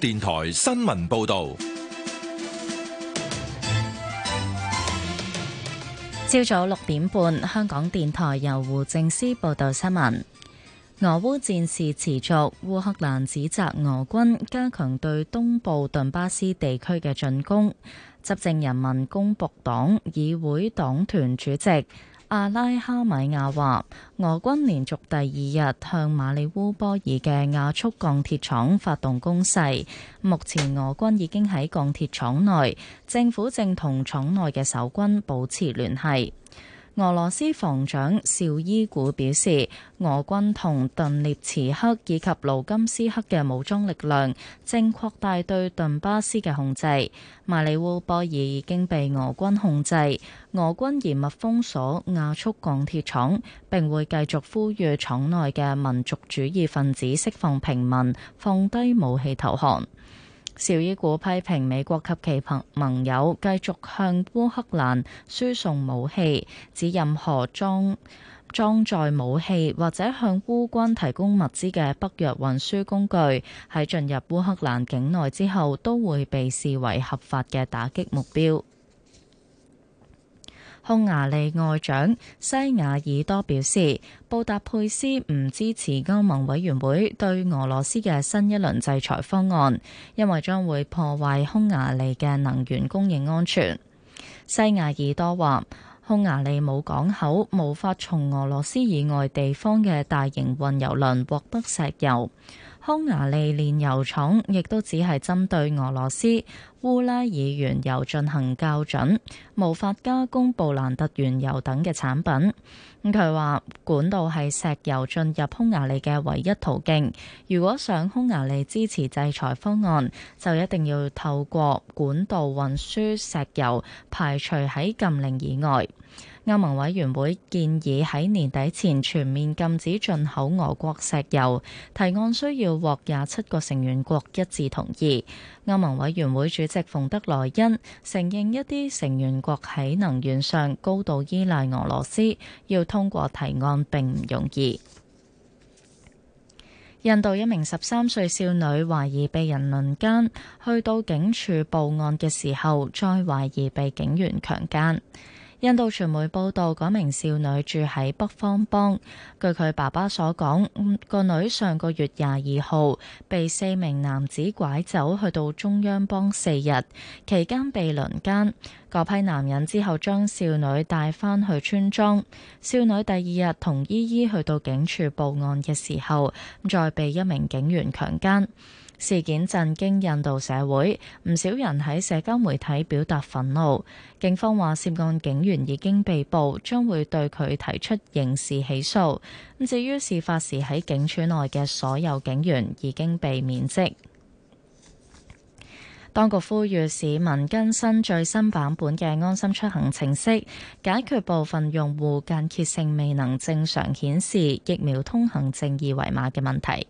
電台新聞報道：朝早六點半，香港電台由胡正思報道新聞。俄烏戰事持續，烏克蘭指責俄軍加強對東部頓巴斯地區嘅進攻。執政人民公僕黨議會黨團主席。阿拉哈米亞話：俄軍連續第二日向馬里烏波爾嘅亞速鋼鐵廠發動攻勢，目前俄軍已經喺鋼鐵廠內，政府正同廠內嘅守軍保持聯繫。俄羅斯防長邵伊古表示，俄軍同頓涅茨克以及盧甘斯克嘅武裝力量正擴大對頓巴斯嘅控制。馬里烏波爾已經被俄軍控制，俄軍嚴密封鎖亞速鋼鐵廠，並會繼續呼籲廠內嘅民族主義分子釋放平民，放低武器投降。邵伊古批評美國及其朋盟友繼續向烏克蘭輸送武器，指任何裝裝載武器或者向烏軍提供物資嘅北約運輸工具，喺進入烏克蘭境內之後，都會被視為合法嘅打擊目標。匈牙利外長西亞爾多表示，布達佩斯唔支持歐盟委員會對俄羅斯嘅新一輪制裁方案，因為將會破壞匈牙利嘅能源供應安全。西亞爾多話，匈牙利冇港口，無法從俄羅斯以外地方嘅大型運油輪獲得石油。匈牙利煉油廠亦都只係針對俄羅斯烏拉爾原油進行校準，無法加工布蘭特原油等嘅產品。佢話管道係石油進入匈牙利嘅唯一途徑，如果想匈牙利支持制裁方案，就一定要透過管道運輸石油，排除喺禁令以外。歐盟委員會建議喺年底前全面禁止進口俄國石油，提案需要獲廿七個成員國一致同意。歐盟委員會主席馮德萊恩承認一啲成員國喺能源上高度依賴俄羅斯，要通過提案並唔容易。印度一名十三歲少女懷疑被人輪奸，去到警署報案嘅時候，再懷疑被警員強奸。印度傳媒報道，嗰名少女住喺北方邦。據佢爸爸所講，個女上個月廿二號被四名男子拐走去到中央邦四日，期間被輪奸。嗰批男人之後將少女帶返去村莊。少女第二日同姨姨去到警署報案嘅時候，再被一名警員強奸。事件震驚印度社會，唔少人喺社交媒體表達憤怒。警方話涉案警員已經被捕，將會對佢提出刑事起訴，至於事發時喺警署內嘅所有警員已經被免職。當局呼籲市民更新最新版本嘅安心出行程式，解決部分用戶間歇性未能正常顯示疫苗通行證二維碼嘅問題。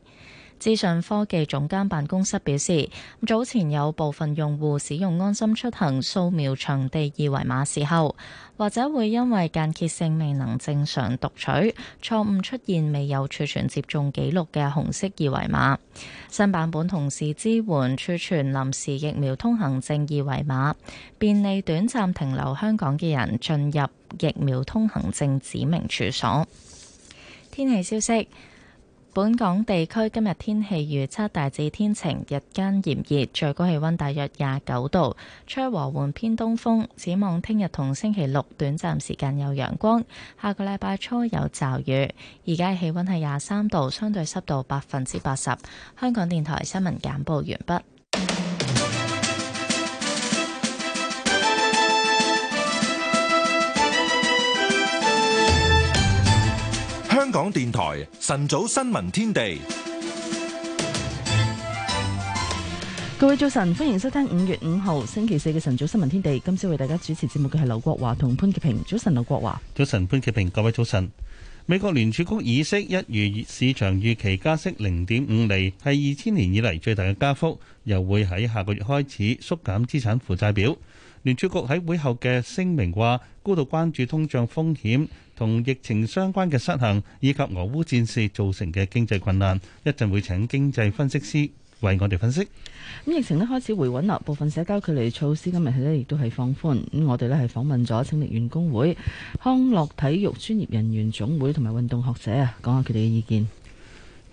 資訊科技總監辦公室表示，早前有部分用戶使用安心出行掃描場地二維碼時候，或者會因為間歇性未能正常讀取，錯誤出現未有儲存接種記錄嘅紅色二維碼。新版本同時支援儲存臨時疫苗通行證二維碼，便利短暫停留香港嘅人進入疫苗通行證指明處所。天氣消息。本港地區今日天氣預測，大致天晴，日間炎熱，最高氣温大約廿九度，吹和緩偏東風。展望聽日同星期六，短暫時間有陽光，下個禮拜初有驟雨。而家氣温係廿三度，相對濕度百分之八十。香港電台新聞簡報完畢。港電台晨早新聞天地，各位早晨，歡迎收聽五月五號星期四嘅晨早新聞天地。今朝為大家主持節目嘅係劉國華同潘潔平。早晨，劉國華，早晨，潘潔平，各位早晨。美國聯儲局議息，一如市場預期加息零點五厘，係二千年以嚟最大嘅加幅，又會喺下個月開始縮減資產負債表。聯儲局喺會後嘅聲明話，高度關注通脹風險同疫情相關嘅失衡，以及俄烏戰事造成嘅經濟困難。一陣會請經濟分析師為我哋分析。咁疫情咧開始回穩啦，部分社交距離措施今日起咧亦都係放寬。咁我哋咧係訪問咗清力員工會、康樂體育專業人員總會同埋運動學者啊，講下佢哋嘅意見。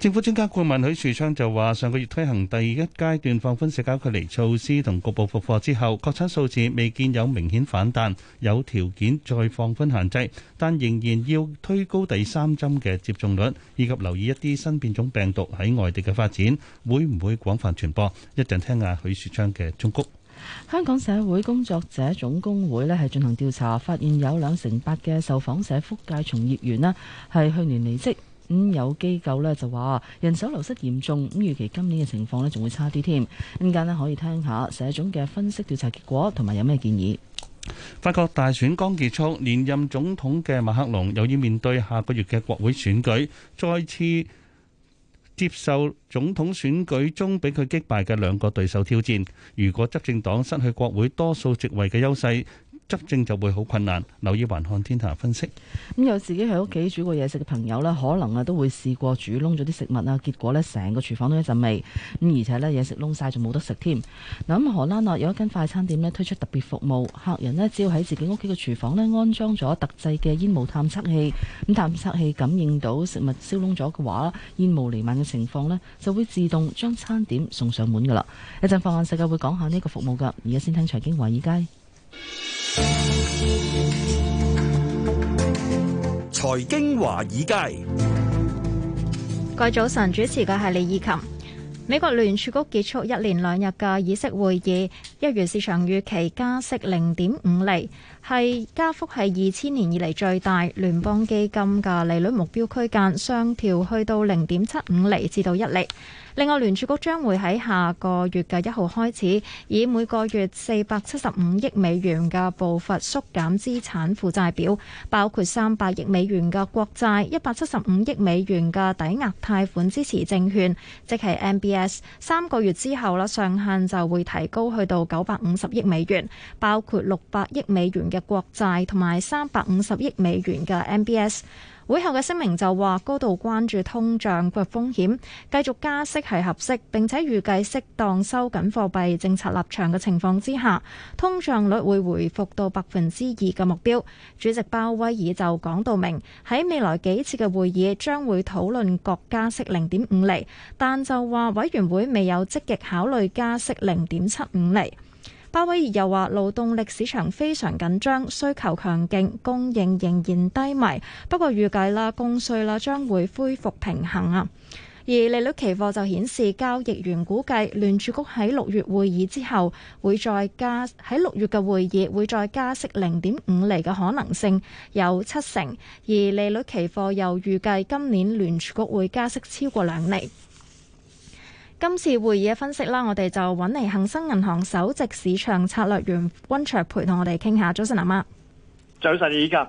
政府專家顧問許樹昌就話：上個月推行第一階段放寬社交距離措施同局部復課之後，確診數字未見有明顯反彈，有條件再放寬限制，但仍然要推高第三針嘅接種率，以及留意一啲新變種病毒喺外地嘅發展，會唔會廣泛傳播？一陣聽下許樹昌嘅忠告。香港社會工作者總工會咧係進行調查，發現有兩成八嘅受訪社福界從業員啦係去年離職。咁有機構咧就話人手流失嚴重，咁預期今年嘅情況咧仲會差啲添。陣間咧可以聽下社總嘅分析調查結果同埋有咩建議。法國大選剛結束，連任總統嘅馬克龍又要面對下個月嘅國會選舉，再次接受總統選舉中俾佢擊敗嘅兩個對手挑戰。如果執政黨失去國會多數席位嘅優勢，執政就會好困難。留意環看天下分析。咁、嗯、有自己喺屋企煮過嘢食嘅朋友呢，可能啊都會試過煮燶咗啲食物啊，結果呢成個廚房都一陣味咁、嗯，而且呢嘢食燶晒仲冇得食添嗱。咁、嗯、荷蘭啊有一間快餐店呢推出特別服務，客人呢只要喺自己屋企嘅廚房呢安裝咗特製嘅煙霧探測器，咁探測器感應到食物燒燶咗嘅話，煙霧瀰漫嘅情況呢就會自動將餐點送上門㗎喇。一陣放眼世界會講下呢一個服務㗎。而家先聽財經華爾街。財經華爾街，各位早晨，主持嘅係李以琴。美國聯儲局結束一連兩日嘅議息會議，一如市場預期加息零點五厘，係加幅係二千年以嚟最大。聯邦基金嘅利率目標區間上調去到零點七五厘至到一厘。另外，聯儲局將會喺下個月嘅一號開始，以每個月四百七十五億美元嘅步伐縮減資產負債表，包括三百億美元嘅國債、一百七十五億美元嘅抵押貸款支持證券，即係 MBS。三個月之後啦，上限就會提高去到九百五十億美元，包括六百億美元嘅國債同埋三百五十億美元嘅 MBS。會後嘅聲明就話高度關注通脹嘅風險，繼續加息係合適，並且預計適當收緊貨幣政策立場嘅情況之下，通脹率會回復到百分之二嘅目標。主席鮑威爾就講到明喺未來幾次嘅會議將會討論各加息零點五厘，但就話委員會未有積極考慮加息零點七五厘。鮑威爾又話：勞動力市場非常緊張，需求強勁，供應仍然低迷。不過預計啦，供需啦將會恢復平衡啊。而利率期貨就顯示交易員估計聯儲局喺六月會議之後會再加，喺六月嘅會議會再加息零點五厘嘅可能性有七成。而利率期貨又預計今年聯儲局會加息超過兩厘。今次會議嘅分析啦，我哋就揾嚟恒生銀行首席市場策略員温卓培同我哋傾下。早晨，阿媽，媽。早晨，李嘉。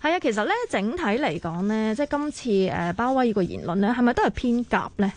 係啊，其實咧整體嚟講咧，即係今次誒鮑威爾呢個言論咧，係咪都係偏鴿咧？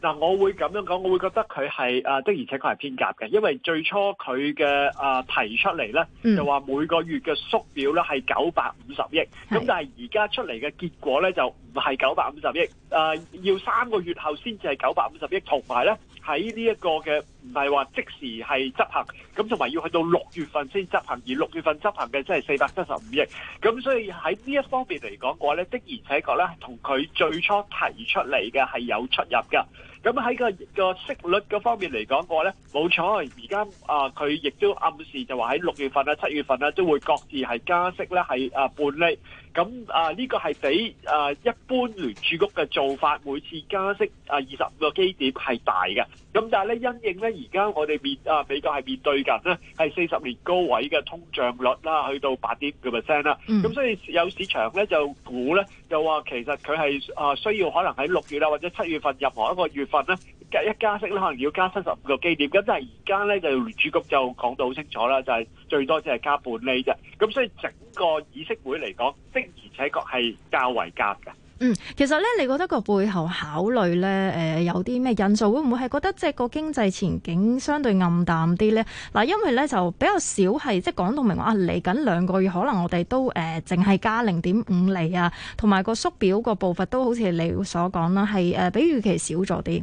嗱，我會咁樣講，我會覺得佢係啊的，而且確係偏鴿嘅，因為最初佢嘅啊提出嚟咧，嗯、就話每個月嘅縮表咧係九百五十億，咁的但係而家出嚟嘅結果咧就唔係九百五十億，啊要三個月後先至係九百五十億，同埋咧，喺呢一個嘅唔係話即時係執行，咁同埋要去到六月份先執行，而六月份執行嘅即係四百七十五億，咁所以喺呢一方面嚟講嘅話，呢的而且確呢，同佢最初提出嚟嘅係有出入噶。咁喺個個息率嗰方面嚟講，我咧冇錯，而家啊佢亦都暗示就話喺六月份啊、七月份啊，都會各自係加息咧，係啊半厘。咁啊呢個係比啊、呃、一般聯儲局嘅做法，每次加息啊二十五個基點係大嘅。咁但係咧，因應咧，而家我哋面啊，美國係面對緊咧，係四十年高位嘅通脹率啦，去到八點五個 percent 啦。咁、嗯、所以有市場咧就估咧，就話其實佢係啊需要可能喺六月啊或者七月份任何一個月份咧加一加息咧，可能要加七十五個基點。咁但係而家咧就聯儲局就講到好清楚啦，就係、是、最多只係加半厘啫。咁所以整個議息會嚟講，的而且確係較為鴿嘅。嗯，其實咧，你覺得個背後考慮咧，誒、呃、有啲咩因素？會唔會係覺得即係個經濟前景相對暗淡啲咧？嗱，因為咧就比較少係即係講到明話嚟緊兩個月，可能我哋都誒淨係加零點五厘啊，同埋個縮表個步伐都好似你所講啦，係誒比預期少咗啲。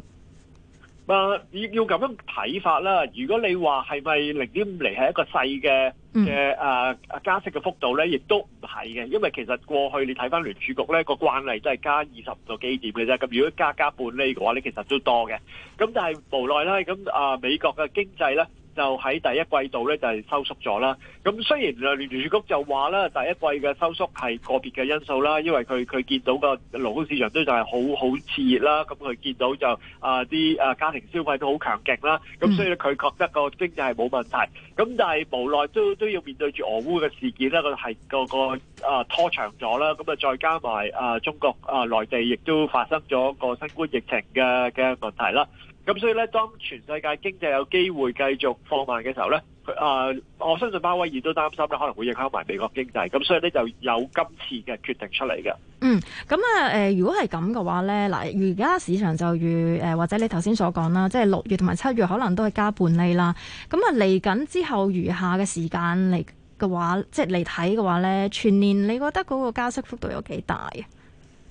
啊！要要咁樣睇法啦。如果你話係咪零點五厘係一個細嘅嘅誒加息嘅幅度咧，亦都唔係嘅，因為其實過去你睇返聯儲局咧，個慣例都係加二十五個基點嘅啫。咁如果加加半厘嘅話，你其實都多嘅。咁但係無奈啦。咁啊，美國嘅經濟咧。就喺第一季度咧就係收縮咗啦。咁雖然聯聯儲局就話啦，第一季嘅收縮係個別嘅因素啦，因為佢佢見到個勞工市場都就係好好熾熱啦。咁佢見到就啊啲啊家庭消費都好強勁啦。咁所以咧佢覺得個經濟係冇問題。咁但係無奈都都要面對住俄烏嘅事件咧，個係個個啊拖長咗啦。咁啊再加埋啊中國啊內地亦都發生咗個新冠疫情嘅嘅問題啦。咁所以咧，當全世界經濟有機會繼續放慢嘅時候咧，啊、呃，我相信鮑威爾都擔心咧，可能會影響埋美國經濟。咁所以咧，就有今次嘅決定出嚟嘅、嗯。嗯，咁啊，誒，如果係咁嘅話咧，嗱，而家市場就如誒、呃，或者你頭先所講啦，即係六月同埋七月可能都係加半厘啦。咁、嗯、啊，嚟緊之後餘下嘅時間嚟嘅話，即係嚟睇嘅話咧，全年你覺得嗰個加息幅度有幾大啊？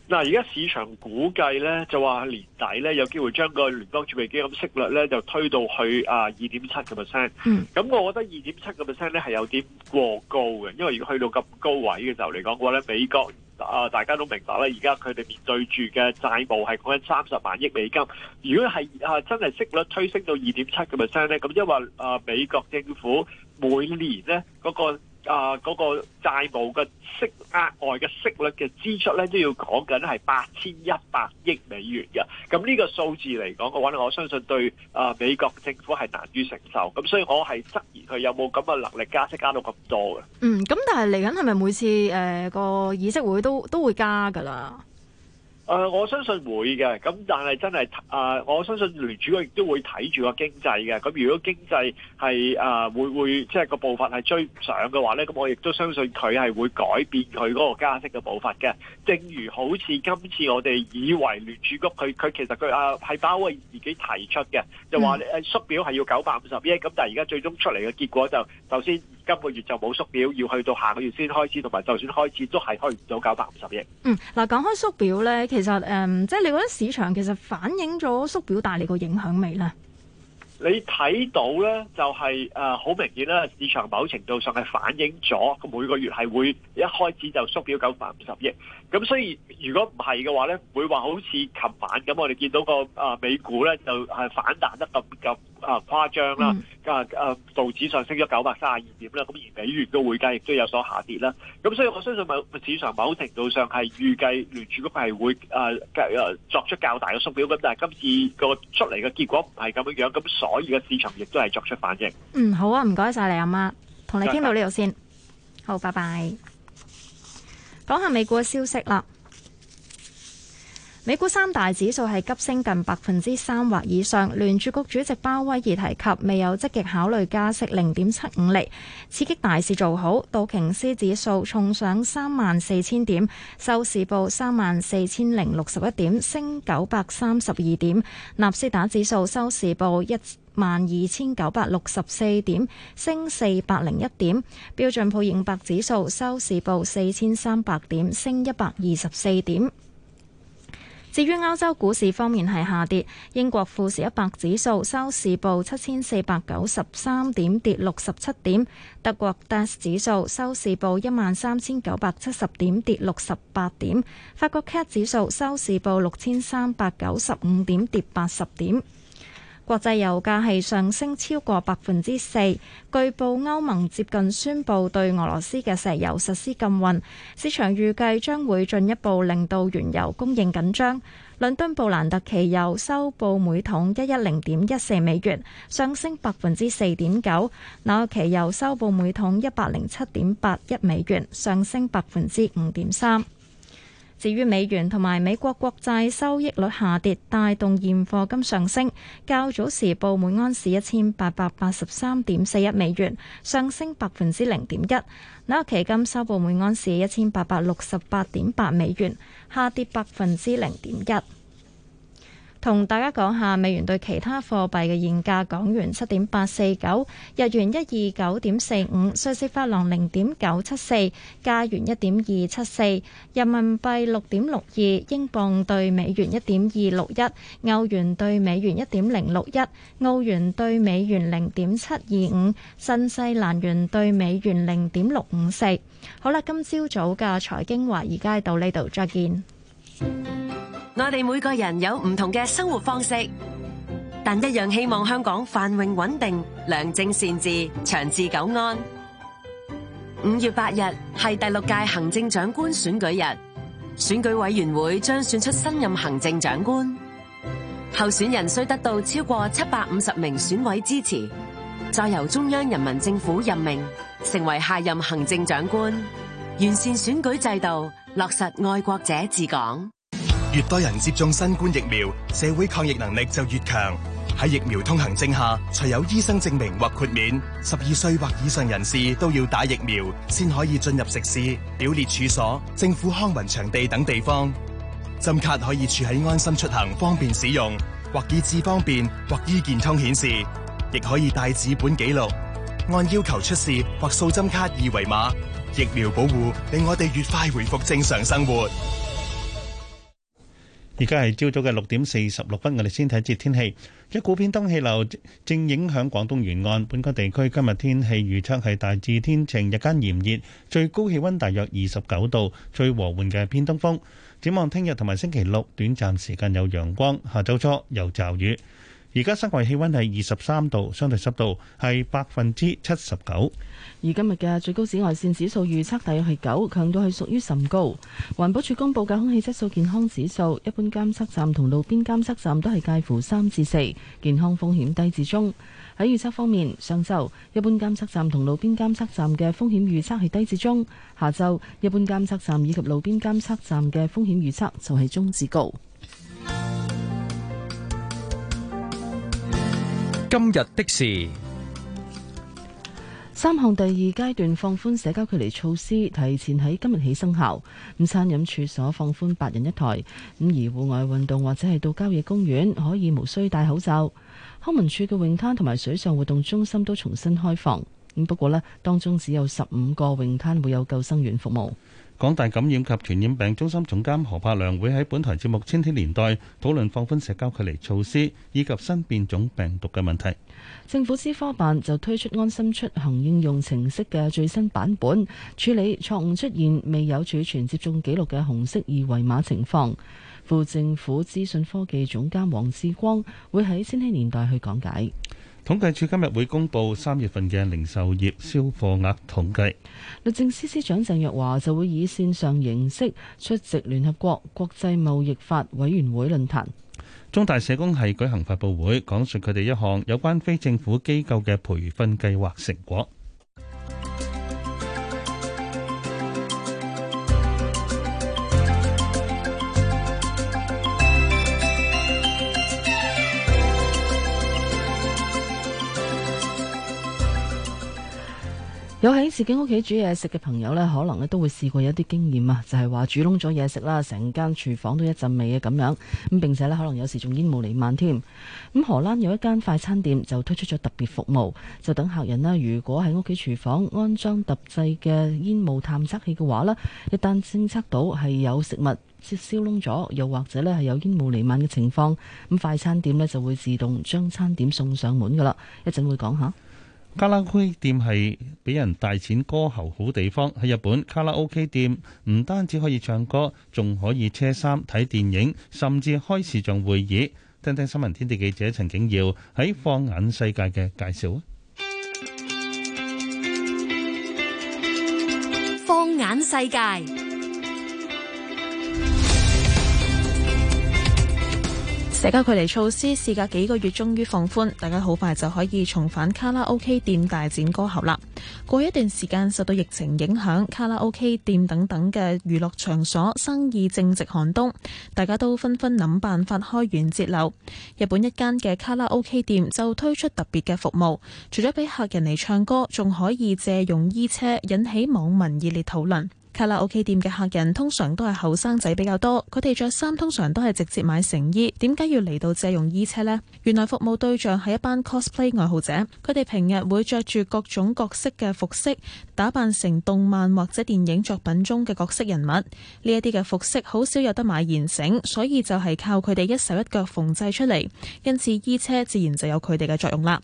嗱，而家市場估計咧，就話年底咧，有機會將個聯邦儲備基金息率咧，就推到去啊二點七嘅 percent。嗯，咁我覺得二點七嘅 percent 咧係有啲過高嘅，因為如果去到咁高位嘅時候嚟講嘅話咧，美國啊、呃、大家都明白啦。而家佢哋面對住嘅債務係講緊三十萬億美金。如果係啊真係息率推升到二點七嘅 percent 咧，咁因為啊美國政府每年咧嗰、那個。啊！嗰、uh, 個債務嘅息額外嘅息率嘅支出咧，都要講緊係八千一百億美元嘅。咁呢個數字嚟講嘅話，我相信對啊、uh, 美國政府係難於承受。咁所以我係質疑佢有冇咁嘅能力加息加到咁多嘅。嗯，咁但係嚟緊係咪每次誒、呃那個議息會都都會加㗎啦？誒、呃，我相信會嘅，咁但係真係誒、呃，我相信聯儲局亦都會睇住個經濟嘅。咁如果經濟係誒、呃、會會即係個步伐係追唔上嘅話咧，咁我亦都相信佢係會改變佢嗰個加息嘅步伐嘅。正如好似今次我哋以為聯儲局佢佢其實佢啊係包括自己提出嘅，就話、呃、縮表係要九百五十億，咁但係而家最終出嚟嘅結果就首、是、先今個月就冇縮表，要去到下個月先開始，同埋就算開始都係去唔到九百五十億。嗯，嗱講開縮表咧。其實，誒，um，即係你覺得市場其實反映咗縮表帶嚟個影響未咧？你睇到咧，就係誒好明顯啦。市場某程度上係反映咗，每個月係會一開始就縮表九百五十億。咁所以如果唔係嘅話咧，唔會話好似琴晚咁，我哋見到個誒美股咧就係反彈得咁咁誒誇張啦。咁啊、嗯、道指上升咗九百三十二點啦。咁而美元嘅匯價亦都有所下跌啦。咁所以我相信某市場某程度上係預計聯儲局係會誒誒作出較大嘅縮表。咁但係今次個出嚟嘅結果唔係咁樣樣咁傻。可以嘅市場亦都係作出反應。嗯，好啊，唔該晒你阿媽，同你傾到呢度先。好，拜拜。講下美股嘅消息啦。美股三大指數係急升近百分之三或以上。聯儲局主席鮑威爾提及未有積極考慮加息零點七五厘刺激大市做好。道瓊斯指數重上三萬四千點，收市報三萬四千零六十一點，升九百三十二點。納斯達指數收市報一。萬二千九百六十四點，升四百零一點。標準普爾五百指數收市報四千三百點，升一百二十四點。至於歐洲股市方面係下跌，英國富時一百指數收市報七千四百九十三點，跌六十七點。德國 DAX 指數收市報一萬三千九百七十點，跌六十八點。法國 CAC 指數收市報六千三百九十五點，跌八十點。國際油價係上升超過百分之四，據報歐盟接近宣布對俄羅斯嘅石油實施禁運，市場預計將會進一步令到原油供應緊張。倫敦布蘭特期油收報每桶一一零點一四美元，上升百分之四點九；紐約期油收報每桶一百零七點八一美元，上升百分之五點三。至於美元同埋美國國債收益率下跌，帶動現貨金上升。較早時報每安士一千八百八十三點四一美元，上升百分之零點一。紐約期金收報每安士一千八百六十八點八美元，下跌百分之零點一。同大家講下美元對其他貨幣嘅現價：港元七點八四九，日元一二九點四五，瑞士法郎零點九七四，加元一點二七四，人民幣六點六二，英鎊對美元一點二六一，歐元對美元一點零六一，澳元對美元零點七二五，新西蘭元對美元零點六五四。好啦，今朝早嘅財經話而家到呢度，再見。我哋每個人有唔同嘅生活方式，但一樣希望香港繁榮穩定、良政善治、長治久安。五月八日係第六屆行政長官選舉日，選舉委員會將選出新任行政長官。候選人需得到超過七百五十名選委支持，再由中央人民政府任命，成為下任行政長官，完善選舉制度。落實愛國者治港，越多人接種新冠疫苗，社會抗疫能力就越強。喺疫苗通行證下，除有醫生證明或豁免，十二歲或以上人士都要打疫苗，先可以進入食肆、表列處所、政府康文場地等地方。針卡可以儲喺安心出行，方便使用，或以智方便，或醫健通顯示，亦可以帶紙本記錄，按要求出示或掃針卡二維碼。疫苗保護令我哋越快回復正常生活。而家係朝早嘅六點四十六分，我哋先睇一節天氣。一股偏東氣流正影響廣東沿岸本港地區。今日天氣預測係大致天晴，日間炎熱，最高氣溫大約二十九度。最和緩嘅偏東風。展望聽日同埋星期六，短暫時間有陽光，下周初有驟雨。而家室外氣溫係二十三度，相對濕度係百分之七十九。而今日嘅最高紫外線指數預測大約係九，強度係屬於甚高。環保署公布嘅空氣質素健康指數，一般監測站同路邊監測站都係介乎三至四，健康風險低至中。喺預測方面，上晝一般監測站同路邊監測站嘅風險預測係低至中，下晝一般監測站以及路邊監測站嘅風險預測就係中至高。今日的事，三項第二階段放寬社交距離措施，提前喺今日起生效。咁餐飲處所放寬八人一台，咁而戶外運動或者係到郊野公園可以無需戴口罩。康文署嘅泳灘同埋水上活動中心都重新開放，咁不過呢當中只有十五個泳灘會有救生員服務。港大感染及傳染病中心總監何柏良會喺本台節目《千禧年代》討論放寬社交距離措施以及新變種病毒嘅問題。政府資科辦就推出安心出行應用程式嘅最新版本，處理錯誤出現未有儲存接種記錄嘅紅色二維碼情況。副政府資訊科技總監黃志光會喺《千禧年代》去講解。統計處今日會公布三月份嘅零售業銷貨額統計。律政司司長鄭若驊就會以線上形式出席聯合國國際貿易法委員會論壇。中大社工系舉行發布會，講述佢哋一項有關非政府機構嘅培訓計劃成果。有喺自己屋企煮嘢食嘅朋友呢，可能呢都會試過一啲經驗啊，就係話煮燶咗嘢食啦，成間廚房都一陣味嘅咁樣，咁並且呢，可能有時仲煙霧瀰漫添。咁荷蘭有一間快餐店就推出咗特別服務，就等客人呢，如果喺屋企廚房安裝特製嘅煙霧探測器嘅話呢，一旦偵測到係有食物燒燶咗，又或者呢係有煙霧瀰漫嘅情況，咁快餐店呢就會自動將餐點送上門噶啦。一陣會，會講下。卡拉 OK 店係俾人大展歌喉好地方，喺日本卡拉 OK 店唔單止可以唱歌，仲可以車衫、睇電影，甚至開視像會議。聽聽新聞天地記者陳景耀喺《放眼世界》嘅介紹啊！放眼世界。社交距離措施事隔幾個月終於放寬，大家好快就可以重返卡拉 OK 店大展歌喉啦。過一段時間受到疫情影響，卡拉 OK 店等等嘅娛樂場所生意正值寒冬，大家都紛紛諗辦法開源節流。日本一間嘅卡拉 OK 店就推出特別嘅服務，除咗俾客人嚟唱歌，仲可以借用衣車，引起網民熱烈討論。卡拉 OK 店嘅客人通常都係後生仔比較多，佢哋着衫通常都係直接買成衣，點解要嚟到借用衣車呢？原來服務對象係一班 cosplay 愛好者，佢哋平日會着住各種角色嘅服飾，打扮成動漫或者電影作品中嘅角色人物。呢一啲嘅服飾好少有得買現成，所以就係靠佢哋一手一腳縫製出嚟，因此衣車自然就有佢哋嘅作用啦。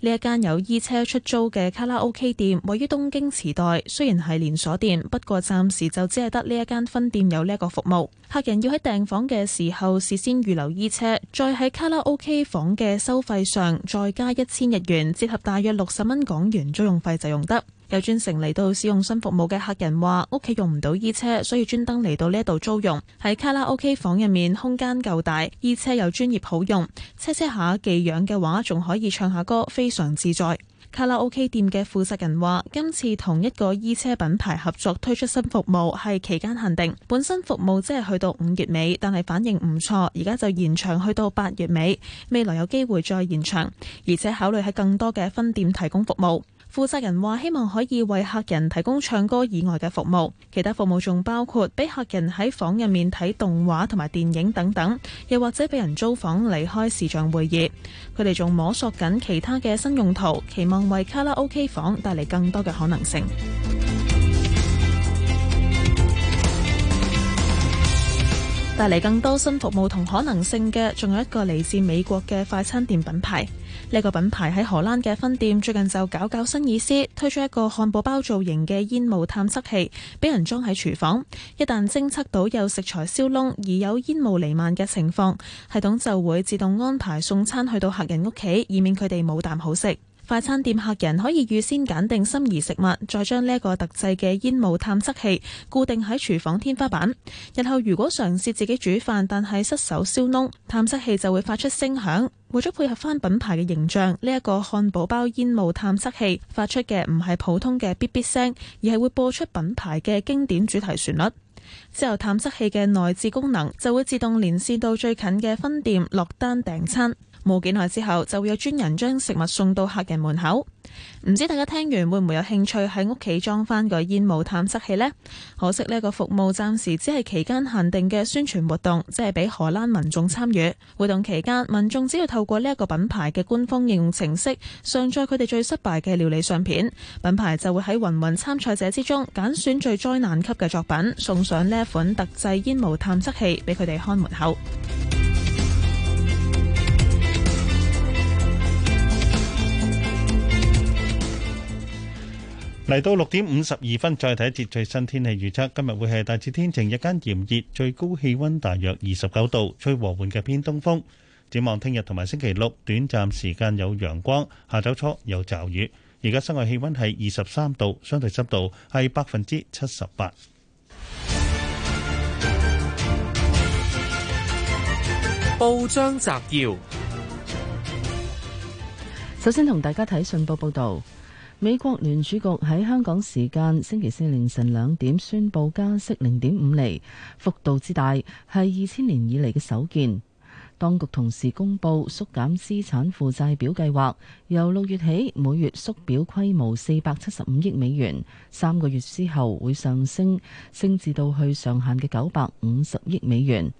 呢一間有衣車出租嘅卡拉 OK 店位於東京池袋，雖然係連鎖店，不過暫時就只係得呢一間分店有呢一個服務。客人要喺訂房嘅時候事先預留衣車，再喺卡拉 OK 房嘅收費上再加一千日元，折合大約六十蚊港元租用費就用得。有專程嚟到使用新服務嘅客人話：屋企用唔到衣車，所以專登嚟到呢一度租用。喺卡拉 OK 房入面，空間夠大，衣車又專業好用，車車下寄養嘅話，仲可以唱下歌，非常自在。卡拉 OK 店嘅負責人話：今次同一個衣車品牌合作推出新服務，係期間限定。本身服務即係去到五月尾，但係反應唔錯，而家就延長去到八月尾。未來有機會再延長，而且考慮喺更多嘅分店提供服務。負責人話：希望可以為客人提供唱歌以外嘅服務，其他服務仲包括俾客人喺房入面睇動畫同埋電影等等，又或者俾人租房嚟開視像會議。佢哋仲摸索緊其他嘅新用途，期望為卡拉 OK 房帶嚟更多嘅可能性。帶嚟 更多新服務同可能性嘅，仲有一個嚟自美國嘅快餐店品牌。呢個品牌喺荷蘭嘅分店最近就搞搞新意思，推出一個漢堡包造型嘅煙霧探測器，俾人裝喺廚房。一旦偵測到有食材燒燶而有煙霧瀰漫嘅情況，系統就會自動安排送餐去到客人屋企，以免佢哋冇啖好食。快餐店客人可以預先揀定心儀食物，再將呢一個特製嘅煙霧探測器固定喺廚房天花板。日後如果嘗試自己煮飯，但係失手燒燶，探測器就會發出聲響。為咗配合返品牌嘅形象，呢一個漢堡包煙霧探測器發出嘅唔係普通嘅咇咇聲，而係會播出品牌嘅經典主題旋律。之後探測器嘅內置功能就會自動連線到最近嘅分店落單訂餐。冇幾耐之後，就會有專人將食物送到客人門口。唔知大家聽完會唔會有興趣喺屋企裝翻個煙霧探測器呢？可惜呢個服務暫時只係期間限定嘅宣傳活動，即係俾荷蘭民眾參與。活動期間，民眾只要透過呢一個品牌嘅官方應用程式，上載佢哋最失敗嘅料理相片，品牌就會喺芸芸參賽者之中揀選最災難級嘅作品，送上呢款特製煙霧探測器俾佢哋看門口。嚟到六點五十二分，再睇一節最新天氣預測。今日會係大致天晴，日間炎熱，最高氣溫大約二十九度，吹和緩嘅偏東風。展望聽日同埋星期六，短暫時間有陽光，下周初有驟雨。而家室外氣溫係二十三度，相對濕度係百分之七十八。報章摘要，首先同大家睇信報報道。美國聯儲局喺香港時間星期四凌晨兩點宣佈加息零點五厘，幅度之大係二千年以嚟嘅首見。當局同時公布縮減資產負債表計劃，由六月起每月縮表規模四百七十五億美元，三個月之後會上升，升至到去上限嘅九百五十億美元。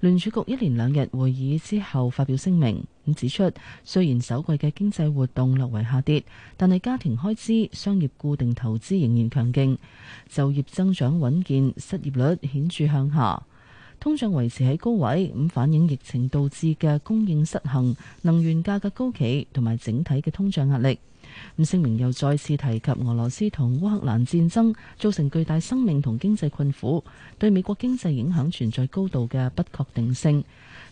聯儲局一連兩日會議之後發表聲明，咁指出雖然首季嘅經濟活動略為下跌，但係家庭開支、商業固定投資仍然強勁，就業增長穩健，失業率顯著向下，通脹維持喺高位，咁反映疫情導致嘅供應失衡、能源價格高企同埋整體嘅通脹壓力。咁聲明又再次提及俄羅斯同烏克蘭戰爭造成巨大生命同經濟困苦，對美國經濟影響存在高度嘅不確定性。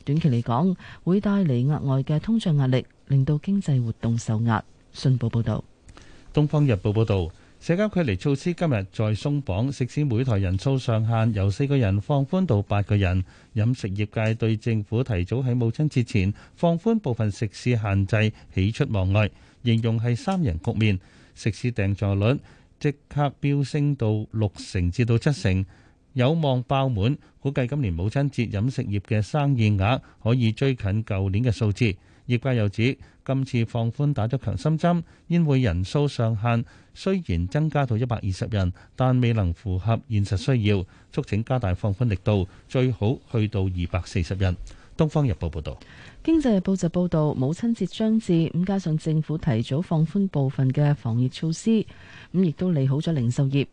短期嚟講，會帶嚟額外嘅通脹壓力，令到經濟活動受壓。信報報導，《東方日報》報導，社交距離措施今日再鬆綁，食肆每台人數上限由四個人放寬到八個人。飲食業界對政府提早喺母親節前放寬部分食肆限制，喜出望外。形容係三人局面，食肆訂座率即刻飆升到六成至到七成，有望爆滿。估計今年母親節飲食業嘅生意額可以追近舊年嘅數字。業界又指今次放寬打咗強心針，宴會人數上限雖然增加到一百二十人，但未能符合現實需要，促請加大放寬力度，最好去到二百四十人。《東方日報》報道，《經濟日報》就報道，母親節將至，咁加上政府提早放寬部分嘅防疫措施，咁亦都利好咗零售業。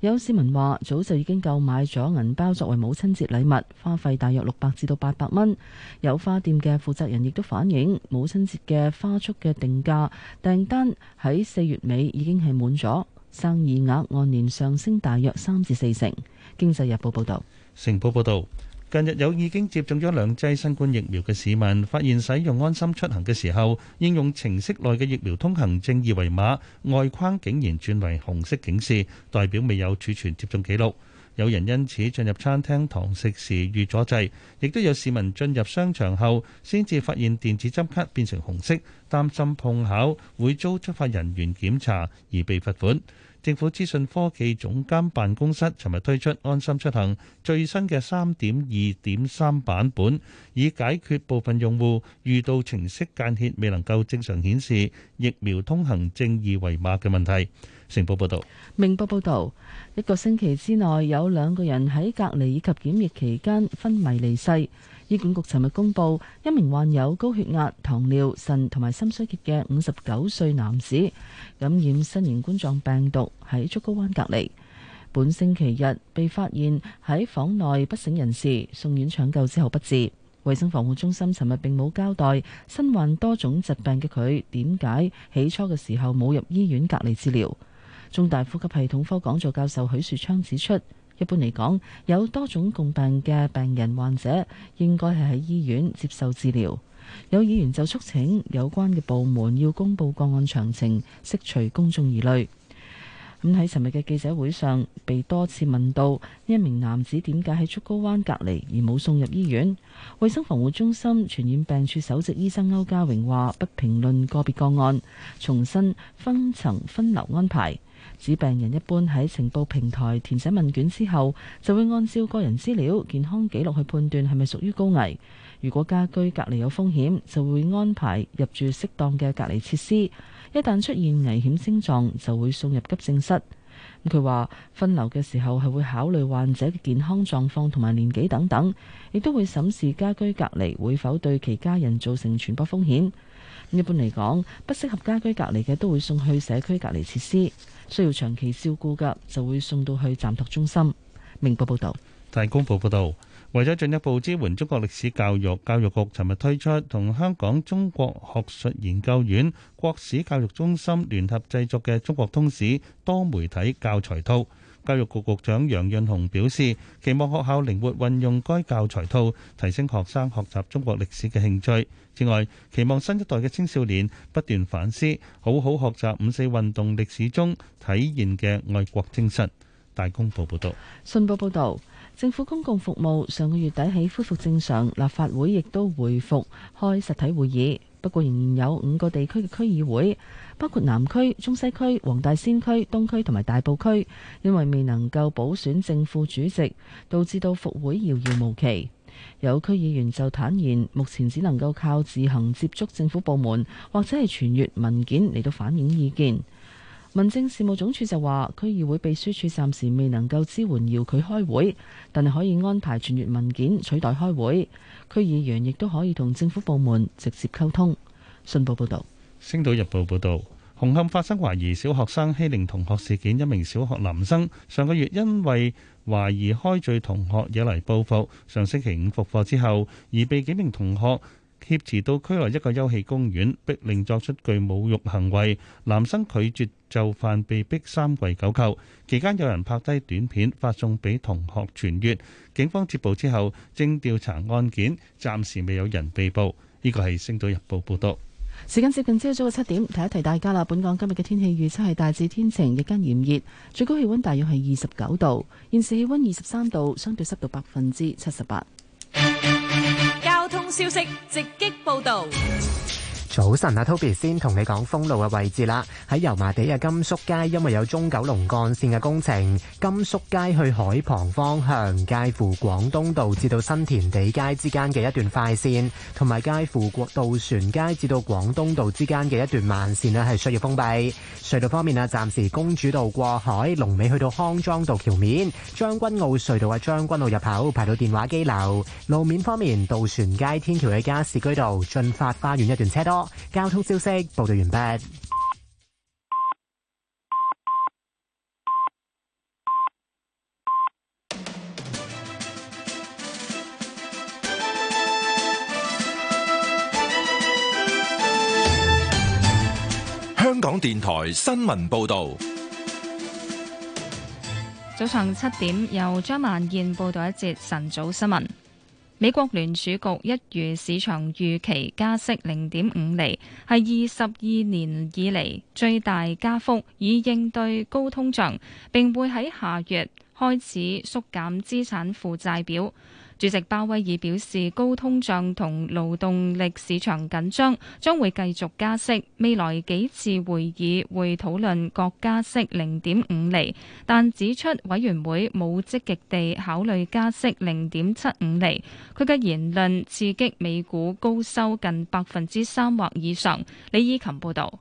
有市民話早就已經購買咗銀包作為母親節禮物，花費大約六百至到八百蚊。有花店嘅負責人亦都反映，母親節嘅花束嘅定價訂單喺四月尾已經係滿咗，生意額按年上升大約三至四成。《經濟日報》報道，《成報》報道。近日有已經接種咗兩劑新冠疫苗嘅市民，發現使用安心出行嘅時候，應用程式內嘅疫苗通行證二維碼外框竟然轉為紅色警示，代表未有儲存接種記錄。有人因此進入餐廳堂食時遇阻滯，亦都有市民進入商場後先至發現電子針卡變成紅色，擔心碰巧會遭執法人員檢查而被罰款。政府資訊科技總監辦公室尋日推出安心出行最新嘅三點二點三版本，以解決部分用戶遇到程式間歇未能夠正常顯示疫苗通行證二維碼嘅問題。成報報導，明報報導，一個星期之內有兩個人喺隔離以及檢疫期間昏迷離世。醫管局尋日公布，一名患有高血壓、糖尿、腎同埋心衰竭嘅五十九歲男子感染新型冠狀病毒，喺竹篙灣隔離。本星期日被發現喺房內不省人事，送院搶救之後不治。衛生防護中心尋日並冇交代身患多種疾病嘅佢點解起初嘅時候冇入醫院隔離治療。中大呼吸系統科講座教授許樹昌指出。一般嚟講，有多種共病嘅病人患者，應該係喺醫院接受治療。有議員就促請有關嘅部門要公布個案詳情，釋除公眾疑慮。咁喺尋日嘅記者會上，被多次問到呢一名男子點解喺竹篙灣隔離而冇送入醫院？衛生防護中心傳染病處首席醫生歐家榮話：不評論個別個案，重申分層分流安排。指病人一般喺呈報平台填寫問卷之後，就會按照個人資料、健康記錄去判斷係咪屬於高危。如果家居隔離有風險，就會安排入住適當嘅隔離設施。一旦出現危險症狀，就會送入急症室。佢話分流嘅時候，係會考慮患者嘅健康狀況同埋年紀等等，亦都會審視家居隔離會否對其家人造成傳播風險。一般嚟講，不適合家居隔離嘅都會送去社區隔離設施。需要長期照顧嘅就會送到去暫托中心。明報報道。《大公報》報道：為咗進一步支援中國歷史教育，教育局尋日推出同香港中國學術研究院國史教育中心聯合製作嘅《中國通史》多媒體教材套。教育局局長楊潤雄表示，期望學校靈活運用該教材套，提升學生學習中國歷史嘅興趣。此外，期望新一代嘅青少年不斷反思，好好學習五四運動歷史中體現嘅愛國精神。大公報報道。信報報道。政府公共服務上個月底起恢復正常，立法會亦都回復開實體會議，不過仍然有五個地區嘅區議會，包括南區、中西區、黃大仙區、東區同埋大埔區，因為未能夠補選正副主席，導致到復會遙遙無期。有區議員就坦言，目前只能夠靠自行接觸政府部門或者係傳閲文件嚟到反映意見。民政事務總署就話，區議會秘書處暫時未能夠支援遙距開會，但係可以安排傳閱文件取代開會。區議員亦都可以同政府部門直接溝通。信報報道，《星島日報》報道，紅磡發生懷疑小學生欺凌同學事件，一名小學男生上個月因為懷疑開罪同學惹嚟報復，上星期五復課之後，而被幾名同學。挾持到區內一個休憩公園，逼令作出具侮辱行為。男生拒絕就範被逼三跪九叩。期間有人拍低短片，發送俾同學傳閱。警方接報之後，正調查案件，暫時未有人被捕。呢個係《星島日報》報道。時間接近朝早嘅七點，提一提大家啦。本港今日嘅天氣預測係大致天晴，日間炎熱，最高氣溫大約係二十九度。現時氣溫二十三度，相對濕度百分之七十八。 消息直擊報道。早晨啊，Toby 先同你講封路嘅位置啦。喺油麻地嘅甘肅街，因為有中九龍幹線嘅工程，甘肅街去海旁方向，介乎廣東道至到新填地街之間嘅一段快線，同埋介乎渡船街至到廣東道之間嘅一段慢線咧，係需要封閉。隧道方面啊，暫時公主道過海，龍尾去到康莊道橋面，將軍澳隧道嘅將軍澳入口排到電話機樓。路面方面，渡船街天橋嘅加士居道、駿發花園一段車多。交通消息報道完畢。香港電台新聞報道。早上七點，由張萬健報道一節晨早新聞。美國聯儲局一如市場預期加息零點五厘，係二十二年以嚟最大加幅，以應對高通脹，並會喺下月開始縮減資產負債表。主席鮑威爾表示，高通脹同勞動力市場緊張，將會繼續加息，未來幾次會議會討論各加息零點五厘，但指出委員會冇積極地考慮加息零點七五厘，佢嘅言論刺激美股高收近百分之三或以上。李以琴報道。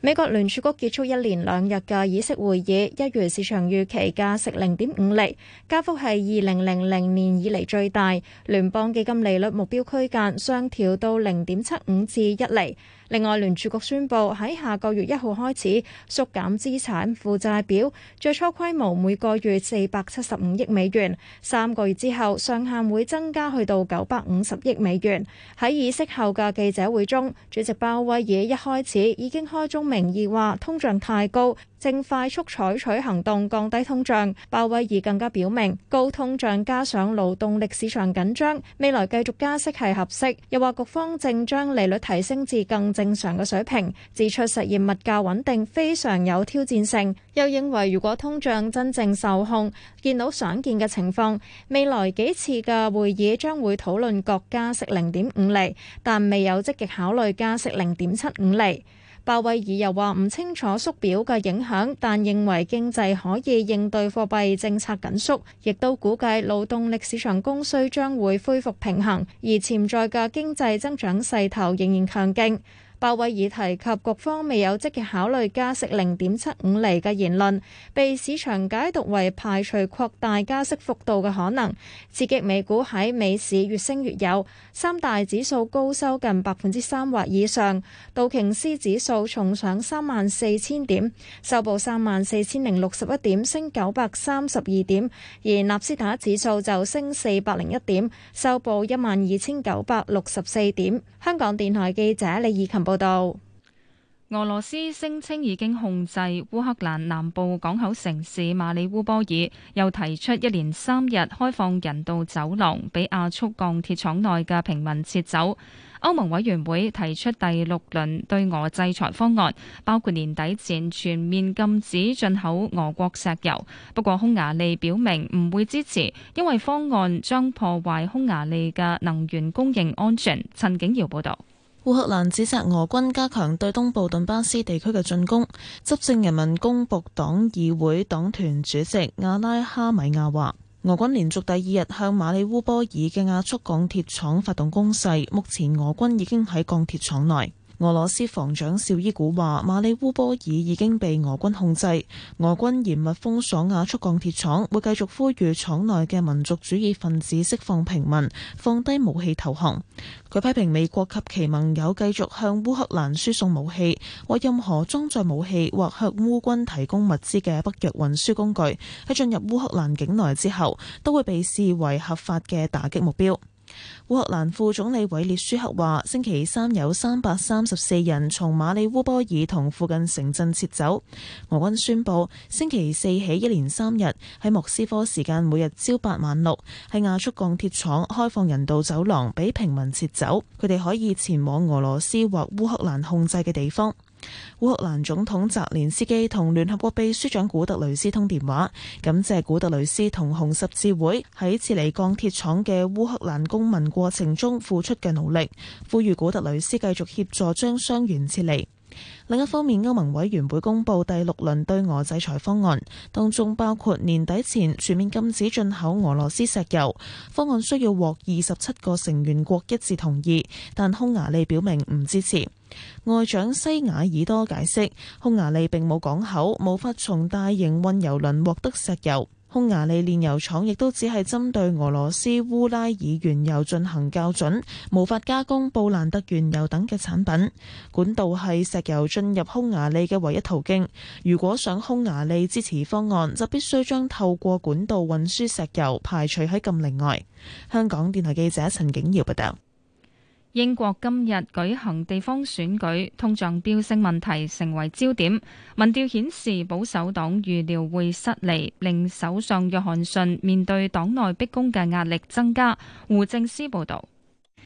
美國聯儲局結束一連兩日嘅議息會議，一如市場預期，加息零點五厘，加幅係二零零零年以嚟最大。聯邦基金利率目標區間上調到零點七五至一厘。另外，聯儲局宣布喺下個月一號開始縮減資產負債表，最初規模每個月四百七十五億美元，三個月之後上限會增加去到九百五十億美元。喺議息後嘅記者會中，主席鮑威爾一開始已經開宗明義話通脹太高。正快速採取行動降低通脹，鮑威爾更加表明高通脹加上勞動力市場緊張，未來繼續加息係合適。又話局方正將利率提升至更正常嘅水平，指出實現物價穩定非常有挑戰性。又認為如果通脹真正受控，見到想見嘅情況，未來幾次嘅會議將會討論各加息零點五厘，但未有積極考慮加息零點七五厘。鮑威爾又話唔清楚縮表嘅影響，但認為經濟可以應對貨幣政策緊縮，亦都估計勞動力市場供需將會恢復平衡，而潛在嘅經濟增長勢頭仍然強勁。鮑威爾提及局方未有積極考慮加息零點七五厘嘅言論，被市場解讀為排除擴大加息幅度嘅可能，刺激美股喺美市越升越有。三大指數高收近百分之三或以上，道瓊斯指數重上三萬四千點，收報三萬四千零六十一點，升九百三十二點；而納斯達指數就升四百零一點，收報一萬二千九百六十四點。香港電台記者李以琴。報道：俄羅斯聲稱已經控制烏克蘭南部港口城市馬里烏波爾，又提出一連三日開放人道走廊，俾亞速鋼鐵廠內嘅平民撤走。歐盟委員會提出第六輪對俄制裁方案，包括年底前全面禁止進口俄國石油。不過，匈牙利表明唔會支持，因為方案將破壞匈牙利嘅能源供應安全。陳景堯報道。烏克蘭指責俄軍加強對東部頓巴斯地區嘅進攻。執政人民公僕黨議會黨團主席阿拉哈米亞話，俄軍連續第二日向馬里烏波爾嘅亞速鋼鐵廠發動攻勢，目前俄軍已經喺鋼鐵廠內。俄羅斯防長邵伊古話：馬里烏波爾已經被俄軍控制，俄軍嚴密封鎖亞速鋼鐵廠，會繼續呼籲廠內嘅民族主義分子釋放平民，放低武器投降。佢批評美國及其盟友繼續向烏克蘭輸送武器，或任何裝載武器或向烏軍提供物資嘅北約運輸工具，喺進入烏克蘭境內之後，都會被視為合法嘅打擊目標。烏克蘭副總理韋列舒克話：星期三有三百三十四人從馬里烏波爾同附近城鎮撤走。俄軍宣布星期四起一連三日喺莫斯科時間每日朝八晚六喺亞速鋼鐵廠開放人道走廊，俾平民撤走，佢哋可以前往俄羅斯或烏克蘭控制嘅地方。烏克蘭總統澤連斯基同聯合國秘書長古特雷斯通電話，感謝古特雷斯同紅十字會喺撤離鋼鐵廠嘅烏克蘭公民過程中付出嘅努力，呼籲古特雷斯繼續協助將傷員撤離。另一方面，歐盟委員會公布第六輪對俄制裁方案，當中包括年底前全面禁止進口俄羅斯石油。方案需要獲二十七個成員國一致同意，但匈牙利表明唔支持。外長西雅爾多解釋，匈牙利並冇港口，無法從大型運油輪獲得石油。匈牙利煉油廠亦都只係針對俄羅斯烏拉爾原油進行校準，無法加工布蘭特原油等嘅產品。管道係石油進入匈牙利嘅唯一途徑，如果想匈牙利支持方案，就必須將透過管道運輸石油排除喺禁令外。香港電台記者陳景耀報道。英國今日舉行地方選舉，通脹飆升問題成為焦點。民調顯示保守黨預料會失利，令首相約翰遜面對黨內逼宮嘅壓力增加。胡正思報道。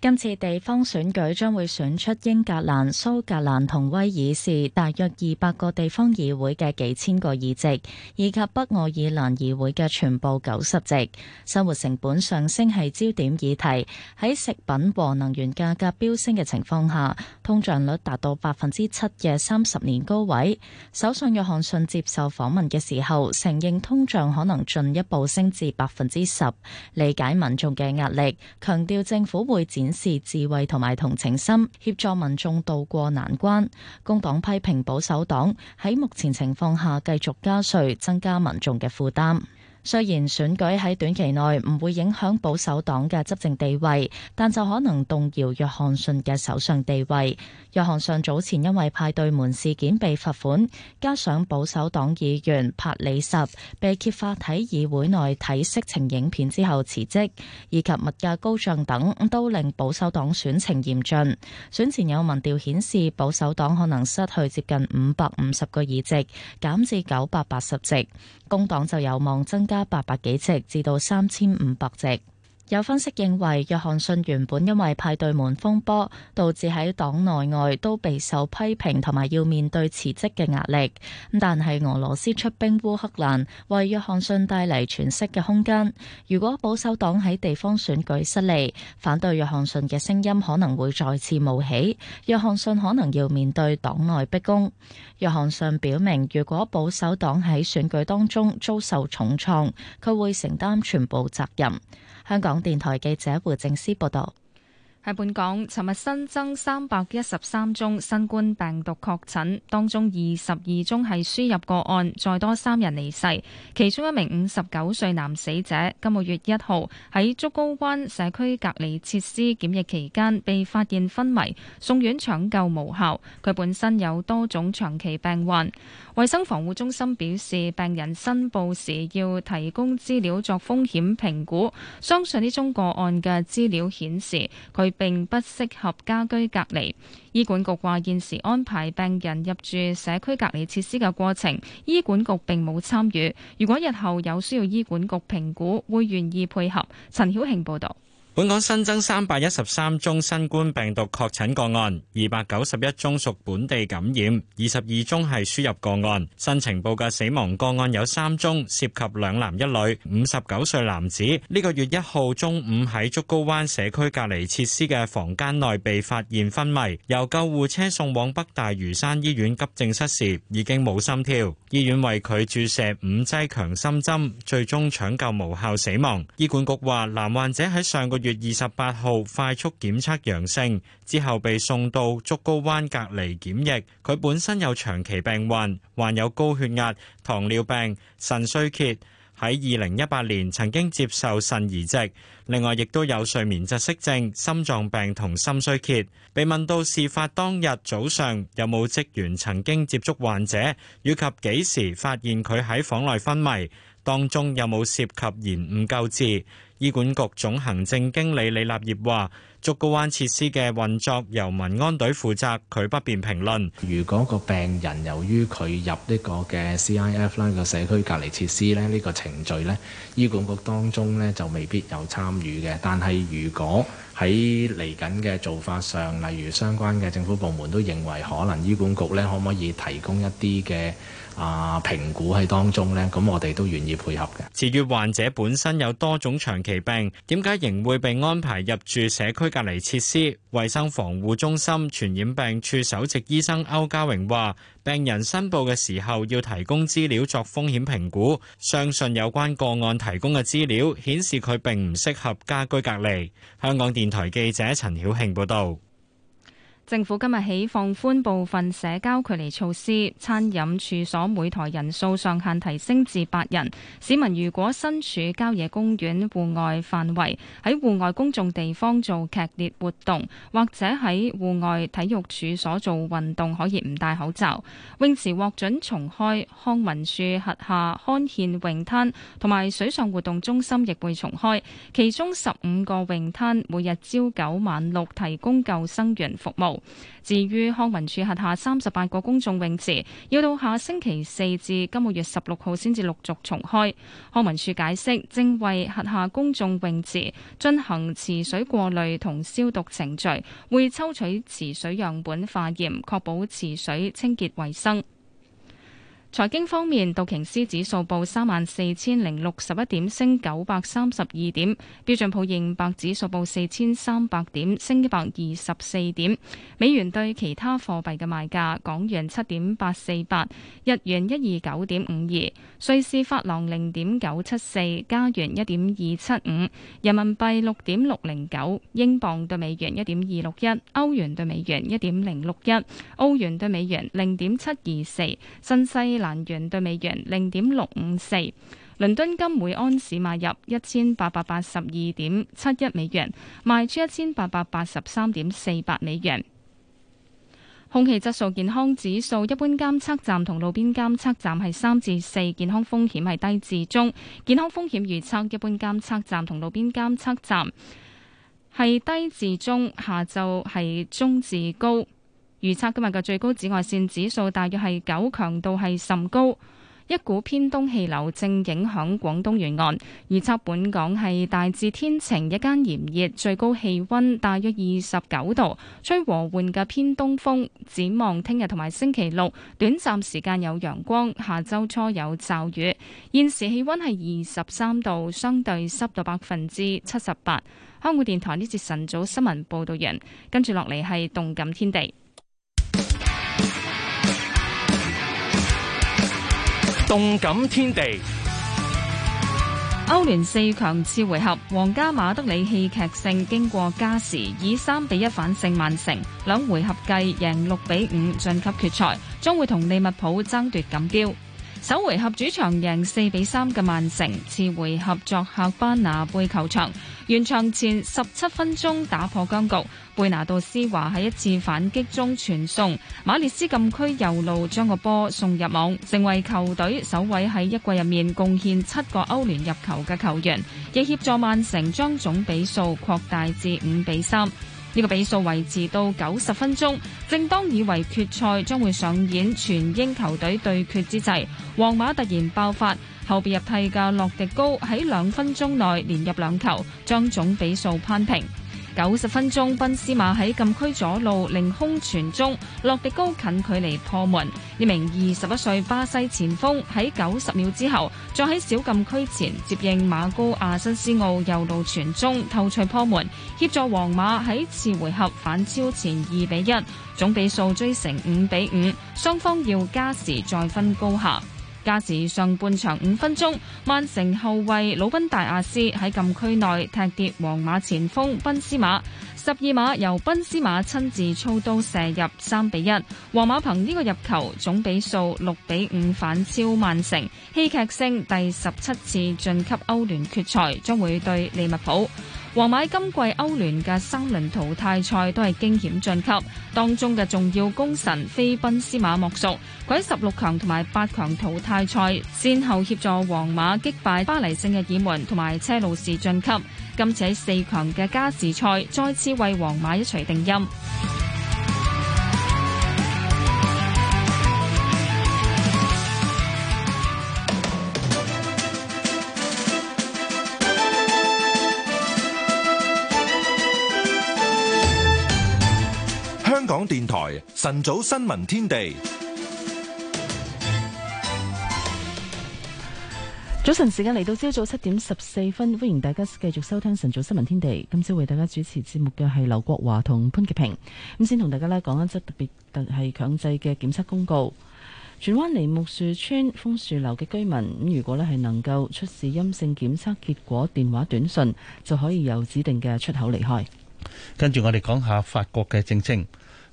今次地方選舉將會選出英格蘭、蘇格蘭同威爾士大約二百個地方議會嘅幾千個議席，以及北愛爾蘭議會嘅全部九十席。生活成本上升係焦點議題，喺食品和能源價格飆升嘅情況下，通脹率達到百分之七嘅三十年高位。首相約翰遜接受訪問嘅時候，承認通脹可能進一步升至百分之十，理解民眾嘅壓力，強調政府會展視智慧同埋同情心，協助民眾渡過難關。工黨批評保守黨喺目前情況下繼續加稅，增加民眾嘅負擔。雖然選舉喺短期內唔會影響保守黨嘅執政地位，但就可能動搖約翰遜嘅首相地位。約翰遜早前因為派對門事件被罰款，加上保守黨議員帕里什被揭發喺議會內睇色情影片之後辭職，以及物價高漲等，都令保守黨選情嚴峻。選前有民調顯示保守黨可能失去接近五百五十個議席，減至九百八十席。工黨就有望增加八百幾席，至到三千五百席。有分析認為，約翰遜原本因為派對門風波，導致喺黨內外都備受批評，同埋要面對辭職嘅壓力。但係俄羅斯出兵烏克蘭，為約翰遜帶嚟喘息嘅空間。如果保守黨喺地方選舉失利，反對約翰遜嘅聲音可能會再次冒起，約翰遜可能要面對黨內逼宮。約翰遜表明，如果保守黨喺選舉當中遭受重創，佢會承擔全部責任。香港電台記者胡靜思報道：喺本港，尋日新增三百一十三宗新冠病毒確診，當中二十二宗係輸入個案，再多三人離世。其中一名五十九歲男死者，今個月一號喺竹篙灣社區隔離設施檢疫期間被發現昏迷，送院搶救無效，佢本身有多種長期病患。衛生防護中心表示，病人申報時要提供資料作風險評估，相信呢宗個案嘅資料顯示佢並不適合家居隔離。醫管局話，現時安排病人入住社區隔離設施嘅過程，醫管局並冇參與。如果日後有需要醫管局評估，會願意配合。陳曉慶報道。本港新增三百一十三宗新冠病毒確診個案，二百九十一宗屬本地感染，二十二宗係輸入個案。新情報嘅死亡個案有三宗，涉及兩男一女，五十九歲男子呢個月一號中午喺竹篙灣社區隔離設施嘅房間內被發現昏迷，由救護車送往北大嶼山醫院急症室時已經冇心跳，醫院為佢注射五劑強心針，最終搶救無效死亡。醫管局話，男患者喺上個月。月二十八號快速檢測陽性之後被送到竹篙灣隔離檢疫。佢本身有長期病患，患有高血壓、糖尿病、腎衰竭，喺二零一八年曾經接受腎移植。另外，亦都有睡眠窒息症、心臟病同心衰竭。被問到事發當日早上有冇職員曾經接觸患者，以及幾時發現佢喺房內昏迷，當中有冇涉及延誤救治。醫管局總行政經理李立業話，竹篙灣設施嘅運作由民安隊負責，佢不便評論。如果個病人由於佢入呢個嘅 CIF 咧，個社區隔離設施呢，呢個程序呢，醫管局當中呢就未必有參與嘅。但係如果喺嚟緊嘅做法上，例如相關嘅政府部門都認為可能醫管局呢可唔可以提供一啲嘅。啊、呃、評估喺當中咧，咁我哋都願意配合嘅。至於患者本身有多種長期病，點解仍會被安排入住社區隔離設施？衛生防護中心傳染病處首席醫生歐家榮話，病人申報嘅時候要提供資料作風險評估，相信有關個案提供嘅資料顯示佢並唔適合家居隔離，香港電台記者陳曉慶報道。政府今日起放寬部分社交距離措施，餐飲處所每台人數上限提升至八人。市民如果身處郊野公園戶外範圍，喺戶外公眾地方做劇烈活動，或者喺戶外體育處所做運動，可以唔戴口罩。泳池獲准重開，康文署轄下刊憲泳灘同埋水上活動中心亦會重開，其中十五個泳灘每日朝九晚六提供救生員服務。至於康文署轄下三十八個公眾泳池，要到下星期四至今個月十六號先至陸續重開。康文署解釋，正為轄下公眾泳池進行池水過濾同消毒程序，會抽取池水樣本化驗，確保池水清潔衛生。財經方面，道瓊斯指數報三萬四千零六十一點，升九百三十二點；標準普爾五百指數報四千三百點，升一百二十四點。美元對其他貨幣嘅賣價：港元七點八四八，日元一二九點五二，瑞士法郎零點九七四，加元一點二七五，人民幣六點六零九，英鎊對美元一點二六一，歐元對美元一點零六一，澳元對美元零點七二四，新西。蘭元兌美元零點六五四，倫敦金每安士買入一千八百八十二點七一美元，賣出一千八百八十三點四八美元。空氣質素健康指數，一般監測站同路邊監測站係三至四，健康風險係低至中。健康風險預測，一般監測站同路邊監測站係低至中，下晝係中至高。預測今日嘅最高紫外線指數大約係九，強度係甚高。一股偏東氣流正影響廣東沿岸，預測本港係大致天晴，一間炎熱，最高氣溫大約二十九度，吹和緩嘅偏東風。展望聽日同埋星期六短暫時間有陽光，下周初有驟雨。現時氣溫係二十三度，相對濕度百分之七十八。香港電台呢節晨早新聞報道完，跟住落嚟係動感天地。動感天地，歐聯四強次回合，皇家馬德里戲劇性經過加時，以三比一反勝曼城，兩回合計贏六比五晉級決賽，將會同利物浦爭奪錦標。首回合主場贏四比三嘅曼城，次回合作客班拿貝球場，完場前十七分鐘打破僵局。貝拿道斯華喺一次反擊中傳送，馬列斯禁區右路將個波送入網，成為球隊首位喺一季入面貢獻七個歐聯入球嘅球員，亦協助曼城將總比數擴大至五比三。呢個比數維持到九十分鐘，正當以為決賽將會上演全英球隊對決之際，皇馬突然爆發，後備入替嘅洛迪高喺兩分鐘內連入兩球，將總比數攀平。九十分鐘，賓斯馬喺禁區左路凌空傳中，洛迪高近距離破門。呢名二十一歲巴西前鋒喺九十秒之後，再喺小禁區前接應馬高亞辛斯奧右路傳中，頭鎚破門，協助皇馬喺次回合反超前二比一，總比數追成五比五，雙方要加時再分高下。加時上半場五分鐘，曼城後衛魯賓大亞斯喺禁區內踢跌皇馬前鋒賓斯馬，十二碼由賓斯馬親自操刀射入三比一，皇馬憑呢個入球總比數六比五反超曼城，戲劇性第十七次晉級歐聯決賽，將會對利物浦。皇馬今季歐聯嘅三輪淘汰賽都係驚險晉級，當中嘅重要功臣非賓斯馬莫屬。佢喺十六強同埋八強淘汰賽先後協助皇馬擊敗巴黎聖日耳門同埋車路士晉級，今次喺四強嘅加時賽再次為皇馬一錘定音。香港電台晨早新聞天地，早晨時間嚟到，朝早七點十四分，歡迎大家繼續收聽晨早新聞天地。今朝為大家主持節目嘅係劉國華同潘潔平。咁先同大家呢講一則特別特係強制嘅檢測公告。荃灣梨木樹村楓樹樓嘅居民，咁如果呢係能夠出示陰性檢測結果，電話短信就可以有指定嘅出口離開。跟住我哋講下法國嘅政情。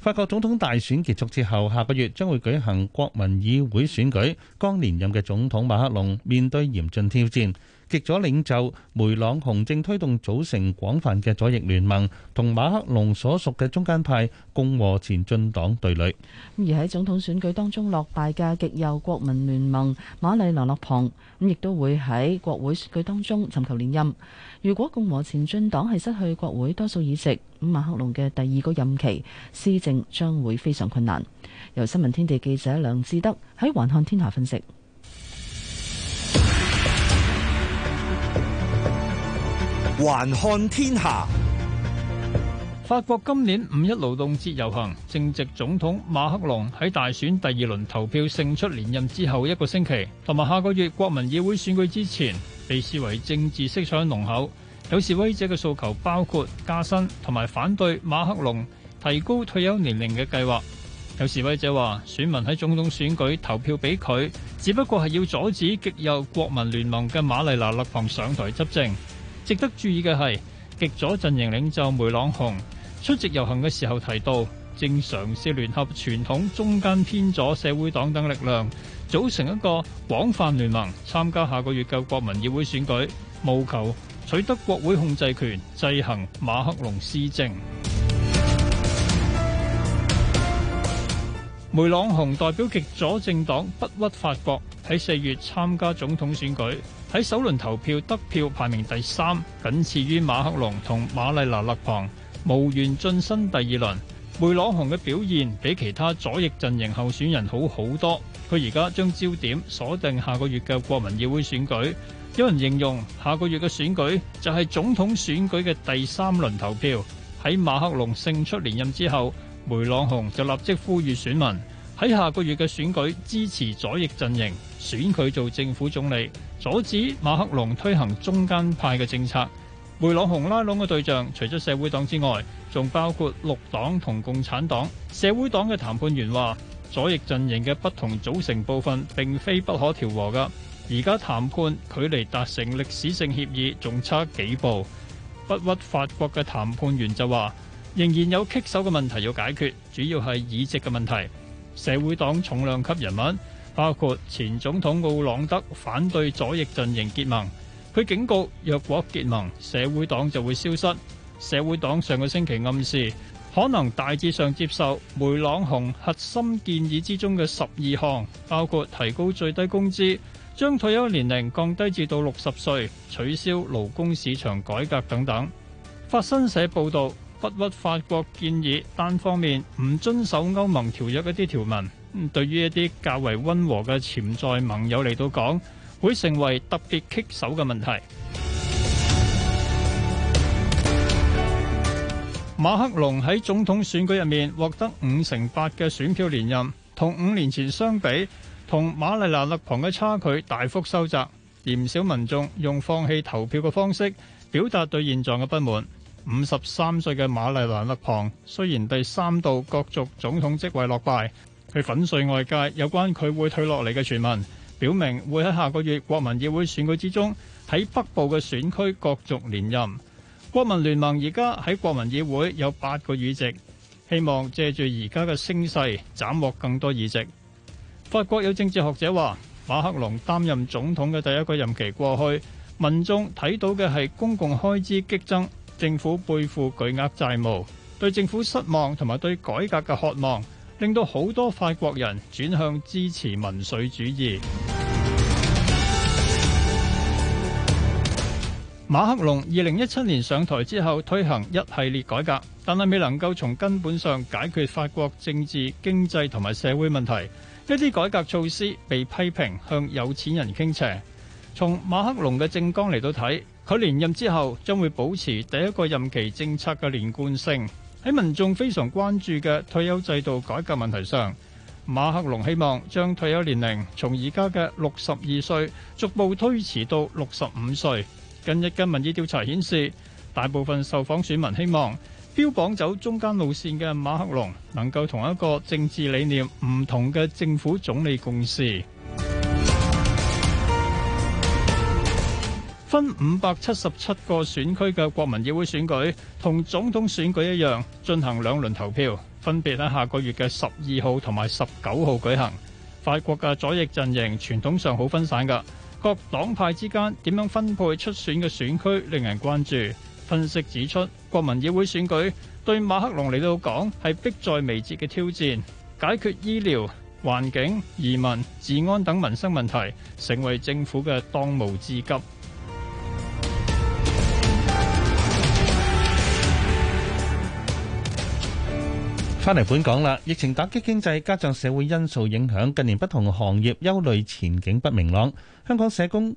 法國總統大選結束之後，下個月將會舉行國民議會選舉。剛連任嘅總統馬克龍面對嚴峻挑戰。極左領袖梅朗雄正推動組成廣泛嘅左翼聯盟，同馬克龍所屬嘅中間派共和前進黨對壘。而喺總統選舉當中落敗嘅極右國民聯盟馬里納洛旁，亦都會喺國會選舉當中尋求連任。如果共和前進黨係失去國會多數議席，咁馬克龍嘅第二個任期施政將會非常困難。由新聞天地記者梁志德喺環看天下分析。環看天下，法國今年五一勞動節遊行正值總統馬克龍喺大選第二輪投票勝出連任之後一個星期，同埋下個月國民議會選舉之前，被視為政治色彩濃厚。有示威者嘅訴求包括加薪，同埋反對馬克龍提高退休年齡嘅計劃。有示威者話，選民喺總統選舉投票俾佢，只不過係要阻止極右國民聯盟嘅瑪麗娜勒龐上台執政。值得注意嘅係，極左陣營領袖梅朗雄出席遊行嘅時候提到，正嘗試聯合傳統中間偏左社會黨等力量，組成一個廣泛聯盟，參加下個月嘅國民議會選舉，務求取得國會控制權，制衡馬克龍施政。 梅朗雄代表極左政黨不屈法國，喺四月參加總統選舉。喺首輪投票得票排名第三，僅次於馬克龍同瑪麗娜勒旁，無緣晉身第二輪。梅朗雄嘅表現比其他左翼陣營候選人好好多，佢而家將焦點鎖定下個月嘅國民議會選舉，有人形容下個月嘅選舉就係總統選舉嘅第三輪投票。喺馬克龍勝出連任之後，梅朗雄就立即呼籲選民喺下個月嘅選舉支持左翼陣營。選佢做政府總理，阻止馬克龍推行中間派嘅政策。梅朗雄拉攏嘅對象，除咗社會黨之外，仲包括綠黨同共產黨。社會黨嘅談判員話：左翼陣營嘅不同組成部分並非不可調和嘅。而家談判距離達成歷史性協議仲差幾步。不屈法國嘅談判員就話：仍然有棘手嘅問題要解決，主要係議席嘅問題。社會黨重量級人物，包括前總統奧朗德反對左翼陣營結盟，佢警告若果結盟，社會黨就會消失。社會黨上個星期暗示可能大致上接受梅朗雄核心建議之中嘅十二項，包括提高最低工資、將退休年齡降低至到六十歲、取消勞工市場改革等等。法新社報道，不屈法國建議單方面唔遵守歐盟條約一啲條文。對於一啲較為溫和嘅潛在盟友嚟到講，會成為特別棘手嘅問題。馬克龍喺總統選舉入面獲得五成八嘅選票連任，同五年前相比，同馬麗蘭勒旁嘅差距大幅收窄，減少民眾用放棄投票嘅方式表達對現狀嘅不滿。五十三歲嘅馬麗蘭勒旁雖然第三度角逐總統職位落敗。去粉碎外界有關佢會退落嚟嘅傳聞，表明會喺下個月國民議會選舉之中喺北部嘅選區角逐連任。國民聯盟而家喺國民議會有八個議席，希望借住而家嘅聲勢斬獲更多議席。法國有政治學者話，馬克龍擔任總統嘅第一個任期過去，民眾睇到嘅係公共開支激增，政府背負巨額債務，對政府失望同埋對改革嘅渴望。令到好多法國人轉向支持民粹主義。馬克龍二零一七年上台之後推行一系列改革，但係未能夠從根本上解決法國政治、經濟同埋社會問題。一啲改革措施被批評向有錢人傾斜。從馬克龍嘅政綱嚟到睇，佢連任之後將會保持第一個任期政策嘅連貫性。喺民眾非常關注嘅退休制度改革問題上，馬克龍希望將退休年齡從而家嘅六十二歲逐步推遲到六十五歲。近日嘅民意調查顯示，大部分受訪選民希望標榜走中間路線嘅馬克龍能夠同一個政治理念唔同嘅政府總理共事。分五百七十七個選區嘅國民議會選舉，同總統選舉一樣，進行兩輪投票，分別喺下個月嘅十二號同埋十九號舉行。法國嘅左翼陣營傳統上好分散噶，各黨派之間點樣分配出選嘅選區，令人關注。分析指出，國民議會選舉對馬克龍嚟到講係迫在眉睫嘅挑戰，解決醫療、環境、移民、治安等民生問題，成為政府嘅當務之急。翻嚟本港啦，疫情打擊經濟，加上社會因素影響，近年不同行業憂慮前景不明朗。香港社工、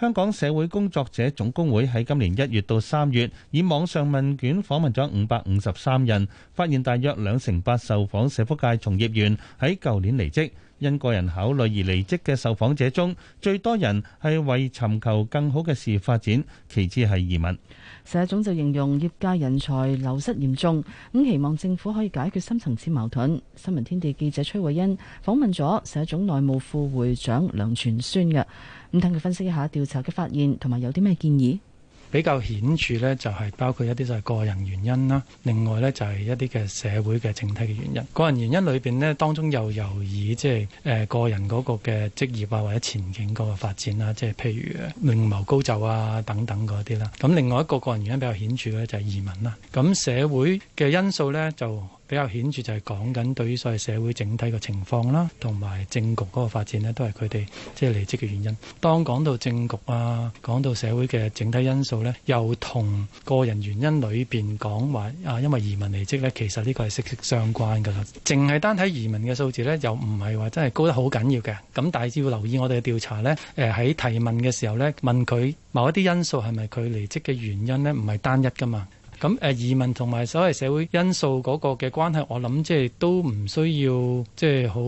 香港社會工作者總工會喺今年一月到三月，以網上問卷訪問咗五百五十三人，發現大約兩成八受訪社福界從業員喺舊年離職，因個人考慮而離職嘅受訪者中，最多人係為尋求更好嘅事業發展，其次係移民。社總就形容業界人才流失嚴重，咁期望政府可以解決深層次矛盾。新聞天地記者崔慧恩訪問咗社總內務副會長梁全宣嘅，咁等佢分析一下調查嘅發現，同埋有啲咩建議。比較顯著咧，就係包括一啲就係個人原因啦，另外咧就係一啲嘅社會嘅整體嘅原因。個人原因裏邊咧，當中又由以即係誒個人嗰個嘅職業啊或者前景嗰個發展啦，即係譬如另謀高就啊等等嗰啲啦。咁另外一個個人原因比較顯著咧就係移民啦。咁社會嘅因素咧就比較顯著就係講緊對於所謂社會整體嘅情況啦，同埋政局嗰個發展呢，都係佢哋即係離職嘅原因。當講到政局啊，講到社會嘅整體因素呢，又同個人原因裏邊講話啊，因為移民離職呢，其實呢個係息息相關㗎啦。淨係單睇移民嘅數字呢，又唔係話真係高得好緊要嘅。咁大致要留意我哋嘅調查呢。誒喺提問嘅時候呢，問佢某一啲因素係咪佢離職嘅原因呢？唔係單一㗎嘛。咁誒，移民同埋所謂社會因素嗰個嘅關係，我諗即係都唔需要即係好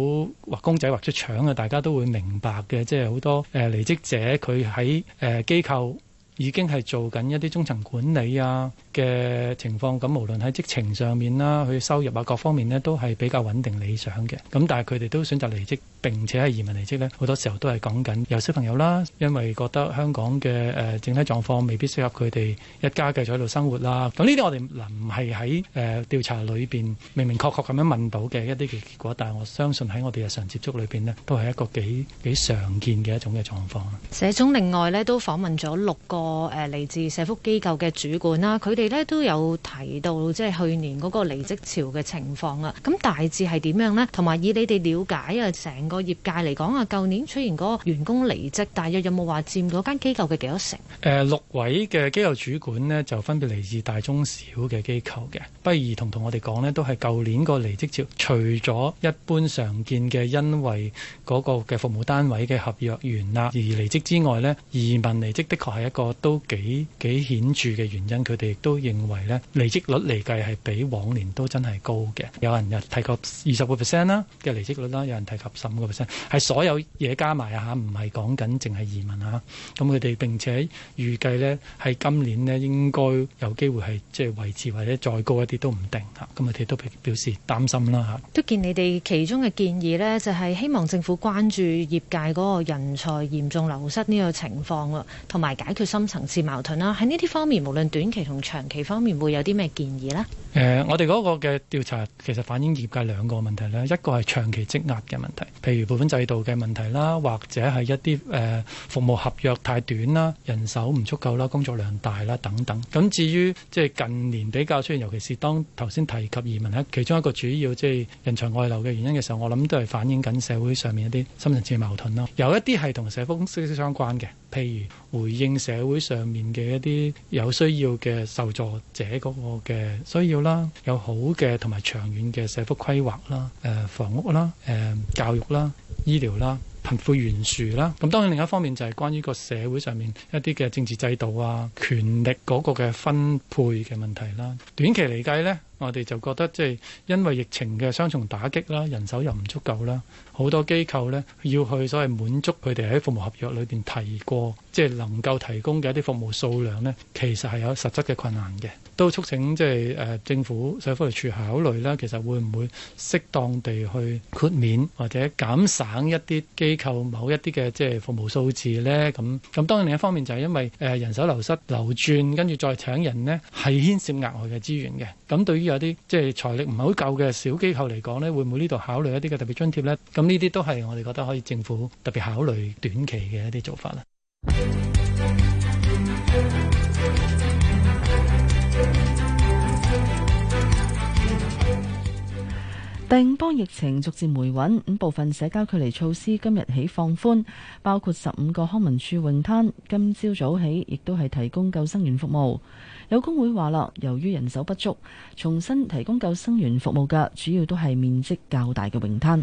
畫公仔畫出腸嘅，大家都會明白嘅。即係好多誒、呃、離職者佢喺誒機構已經係做緊一啲中層管理啊嘅情況，咁無論喺職程上面啦，佢收入啊各方面咧，都係比較穩定理想嘅。咁但係佢哋都選擇離職，並且係移民離職咧，好多時候都係講緊有小朋友啦，因為覺得香港嘅誒整體狀況未必適合佢哋一家繼續喺度生活啦。咁呢啲我哋嗱唔係喺誒調查裏邊明明確確咁樣問到嘅一啲嘅結果，但係我相信喺我哋日常接觸裏邊咧，都係一個幾幾常見嘅一種嘅狀況。這種另外咧，都訪問咗六個。個誒嚟自社福機構嘅主管啦，佢哋咧都有提到，即係去年嗰個離職潮嘅情況啊。咁大致係點樣呢？同埋以你哋了解啊，成個業界嚟講啊，舊年出現嗰個員工離職，大約有冇話佔嗰間機構嘅幾多成？誒、呃、六位嘅機構主管呢，就分別嚟自大中小嘅機構嘅。不如同同我哋講呢，都係舊年個離職潮，除咗一般常見嘅因為嗰個嘅服務單位嘅合約完啦而離職之外呢，移民離職的確係一個。都幾幾顯著嘅原因，佢哋亦都認為咧，離職率嚟計係比往年都真係高嘅。有人又提及二十個 percent 啦嘅離職率啦，有人提及十五個 percent，係所有嘢加埋嚇，唔係講緊淨係移民嚇。咁佢哋並且預計咧，係今年咧應該有機會係即係維持或者再高一啲都唔定嚇。咁佢哋都表表示擔心啦嚇。都見你哋其中嘅建議咧，就係希望政府關注業界嗰個人才嚴重流失呢個情況啦，同埋解決心。層次矛盾啦，喺呢啲方面，無論短期同長期方面，會有啲咩建議咧？誒、呃，我哋嗰個嘅調查其實反映業界兩個問題咧，一個係長期積壓嘅問題，譬如部分制度嘅問題啦，或者係一啲誒、呃、服務合約太短啦、人手唔足夠啦、工作量大啦等等。咁至於即係、就是、近年比較出現，尤其是當頭先提及移民一其中一個主要即係、就是、人才外流嘅原因嘅時候，我諗都係反映緊社會上面一啲深層次矛盾咯。有一啲係同社福息息相關嘅。譬如回應社會上面嘅一啲有需要嘅受助者嗰個嘅需要啦，有好嘅同埋長遠嘅社福規劃啦，誒、呃、房屋啦，誒、呃、教育啦、醫療啦、貧富懸殊啦。咁當然另一方面就係關於個社會上面一啲嘅政治制度啊、權力嗰個嘅分配嘅問題啦。短期嚟計呢，我哋就覺得即係因為疫情嘅雙重打擊啦，人手又唔足夠啦。好多機構呢，要去所謂滿足佢哋喺服務合約裏邊提過，即係能夠提供嘅一啲服務數量呢，其實係有實質嘅困難嘅，都促請即係誒政府社會福利處考慮啦。其實會唔會適當地去豁免或者減省一啲機構某一啲嘅即係服務數字咧？咁咁當然另一方面就係因為誒人手流失流轉，跟住再請人呢，係牽涉額外嘅資源嘅。咁對於有啲即係財力唔係好夠嘅小機構嚟講呢，會唔會呢度考慮一啲嘅特別津貼咧？咁呢啲都係我哋覺得可以政府特別考慮短期嘅一啲做法啦。第五波疫情逐漸回穩，咁部分社交距離措施今日起放寬，包括十五個康文處泳灘今朝早起亦都係提供救生員服務。有工會話啦，由於人手不足，重新提供救生員服務嘅主要都係面積較大嘅泳灘。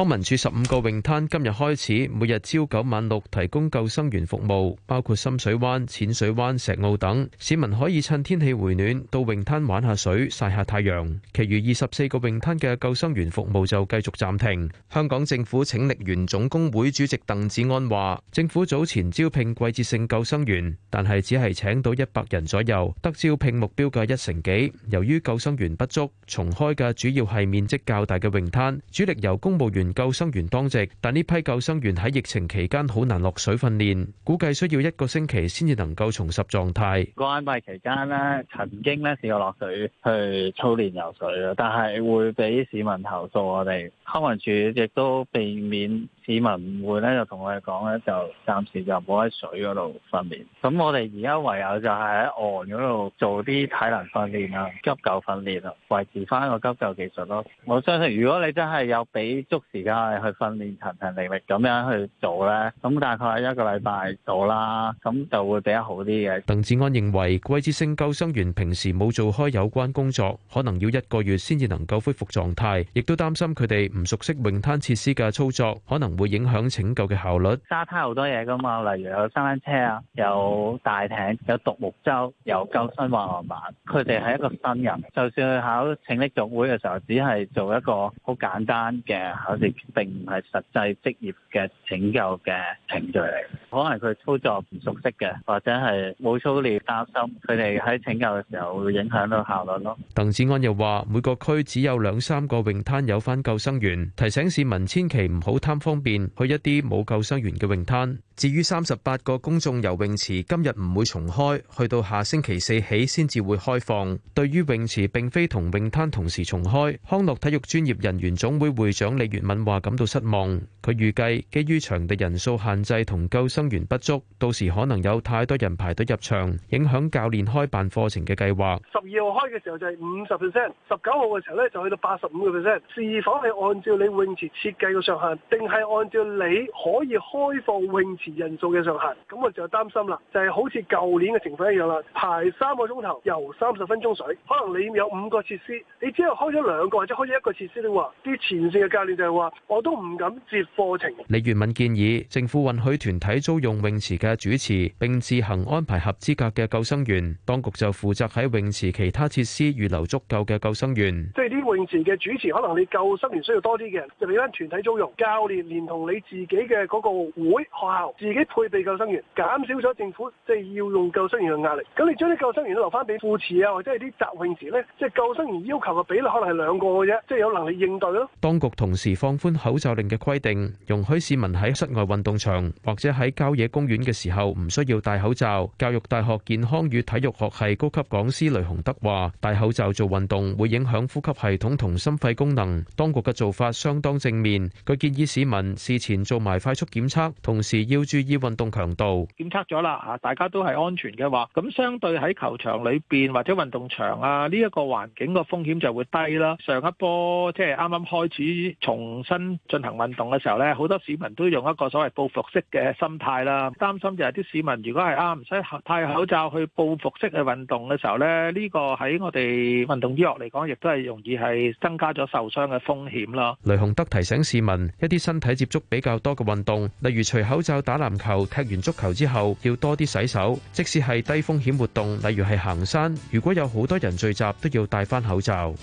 康文署十五個泳灘今日開始，每日朝九晚六提供救生員服務，包括深水灣、淺水灣、石澳等，市民可以趁天氣回暖到泳灘玩下水、晒下太陽，其餘二十四個泳灘嘅救生員服務就繼續暫停。香港政府請力員總工會主席鄧子安話，政府早前招聘季節性救生員，但係只係請到一百人左右，得招聘目標嘅一成幾。由於救生員不足，重開嘅主要係面積較大嘅泳灘，主力由公務員救生員當值，但呢批救生員喺疫情期間好難落水訓練，估計需要一個星期先至能夠重拾狀態。關閉期間呢，曾經呢試過落水去操練游水咯，但係會俾市民投訴我哋。康文署亦都避免。市民唔會咧，就同我哋講咧，就暫時就冇喺水嗰度訓練。咁我哋而家唯有就係喺岸嗰度做啲體能訓練啊、急救訓練啊，維持翻個急救技術咯。我相信如果你真係有俾足時間去訓練，勤勤力力咁樣去做咧，咁大概一個禮拜做啦，咁就會比較好啲嘅。鄧智安認為，季節性救生員平時冇做開有關工作，可能要一個月先至能夠恢復狀態，亦都擔心佢哋唔熟悉泳灘設施嘅操作，可能，會影響拯救嘅效率。沙灘好多嘢噶嘛，例如有三輪車啊，有大艇，有獨木舟，有救生滑浪板。佢哋係一個新人，就算去考拯溺總會嘅時候，只係做一個好簡單嘅考試，並唔係實際職業嘅拯救嘅程序嚟。可能佢操作唔熟悉嘅，或者係冇操練擔心，佢哋喺拯救嘅時候會影響到效率咯。鄧志安又話：每個區只有兩三個泳灘有翻救生員，提醒市民千祈唔好貪方便。去一啲冇救生員嘅泳灘。至於三十八個公眾游泳池今日唔會重開，去到下星期四起先至會開放。對於泳池并非同泳灘同時重開，康樂體育專業人員總會會長李元敏話感到失望。佢預計基於場地人數限制同救生員不足，到時可能有太多人排隊入場，影響教練開辦課程嘅計劃。十二號開嘅時候就係五十 percent，十九號嘅時候呢就去到八十五個 percent。是否係按照你泳池設計嘅上限，定係？按照你可以開放泳池人數嘅上限，咁我就擔心啦，就係好似舊年嘅情況一樣啦。排三個鐘頭，游三十分鐘水，可能你有五個設施，你只係開咗兩個或者開咗一個設施，你話啲前線嘅教練就係話，我都唔敢接課程。李元敏建議政府允許團體租用泳池嘅主持，並自行安排合資格嘅救生員，當局就負責喺泳池其他設施預留足夠嘅救生員。即係啲泳池嘅主持，可能你救生員需要多啲嘅人，就俾翻團體租用教練。同你自己嘅嗰個會學校自己配備救生員，減少咗政府即係要用救生員嘅壓力。咁你將啲救生員都留翻俾副池啊，或者係啲雜泳池咧，即係救生員要求嘅比例可能係兩個嘅啫，即係有能力應對咯。當局同時放寬口罩令嘅規定，容許市民喺室外運動場或者喺郊野公園嘅時候唔需要戴口罩。教育大學健康與體育學系高級講師雷雄德話：戴口罩做運動會影響呼吸系統同心肺功能。當局嘅做法相當正面，佢建議市民。事前做埋快速檢測，同時要注意運動強度。檢測咗啦，吓大家都係安全嘅話，咁相對喺球場裏邊或者運動場啊呢一個環境個風險就會低啦。上一波即係啱啱開始重新進行運動嘅時候咧，好多市民都用一個所謂報復式嘅心態啦，擔心就係啲市民如果係啱唔使戴口罩去報復式嘅運動嘅時候咧，呢個喺我哋運動醫學嚟講，亦都係容易係增加咗受傷嘅風險啦。雷洪德提醒市民，一啲身體。接觸比較多嘅運動，例如除口罩、打籃球、踢完足球之後，要多啲洗手。即使係低風險活動，例如係行山，如果有好多人聚集，都要戴翻口罩。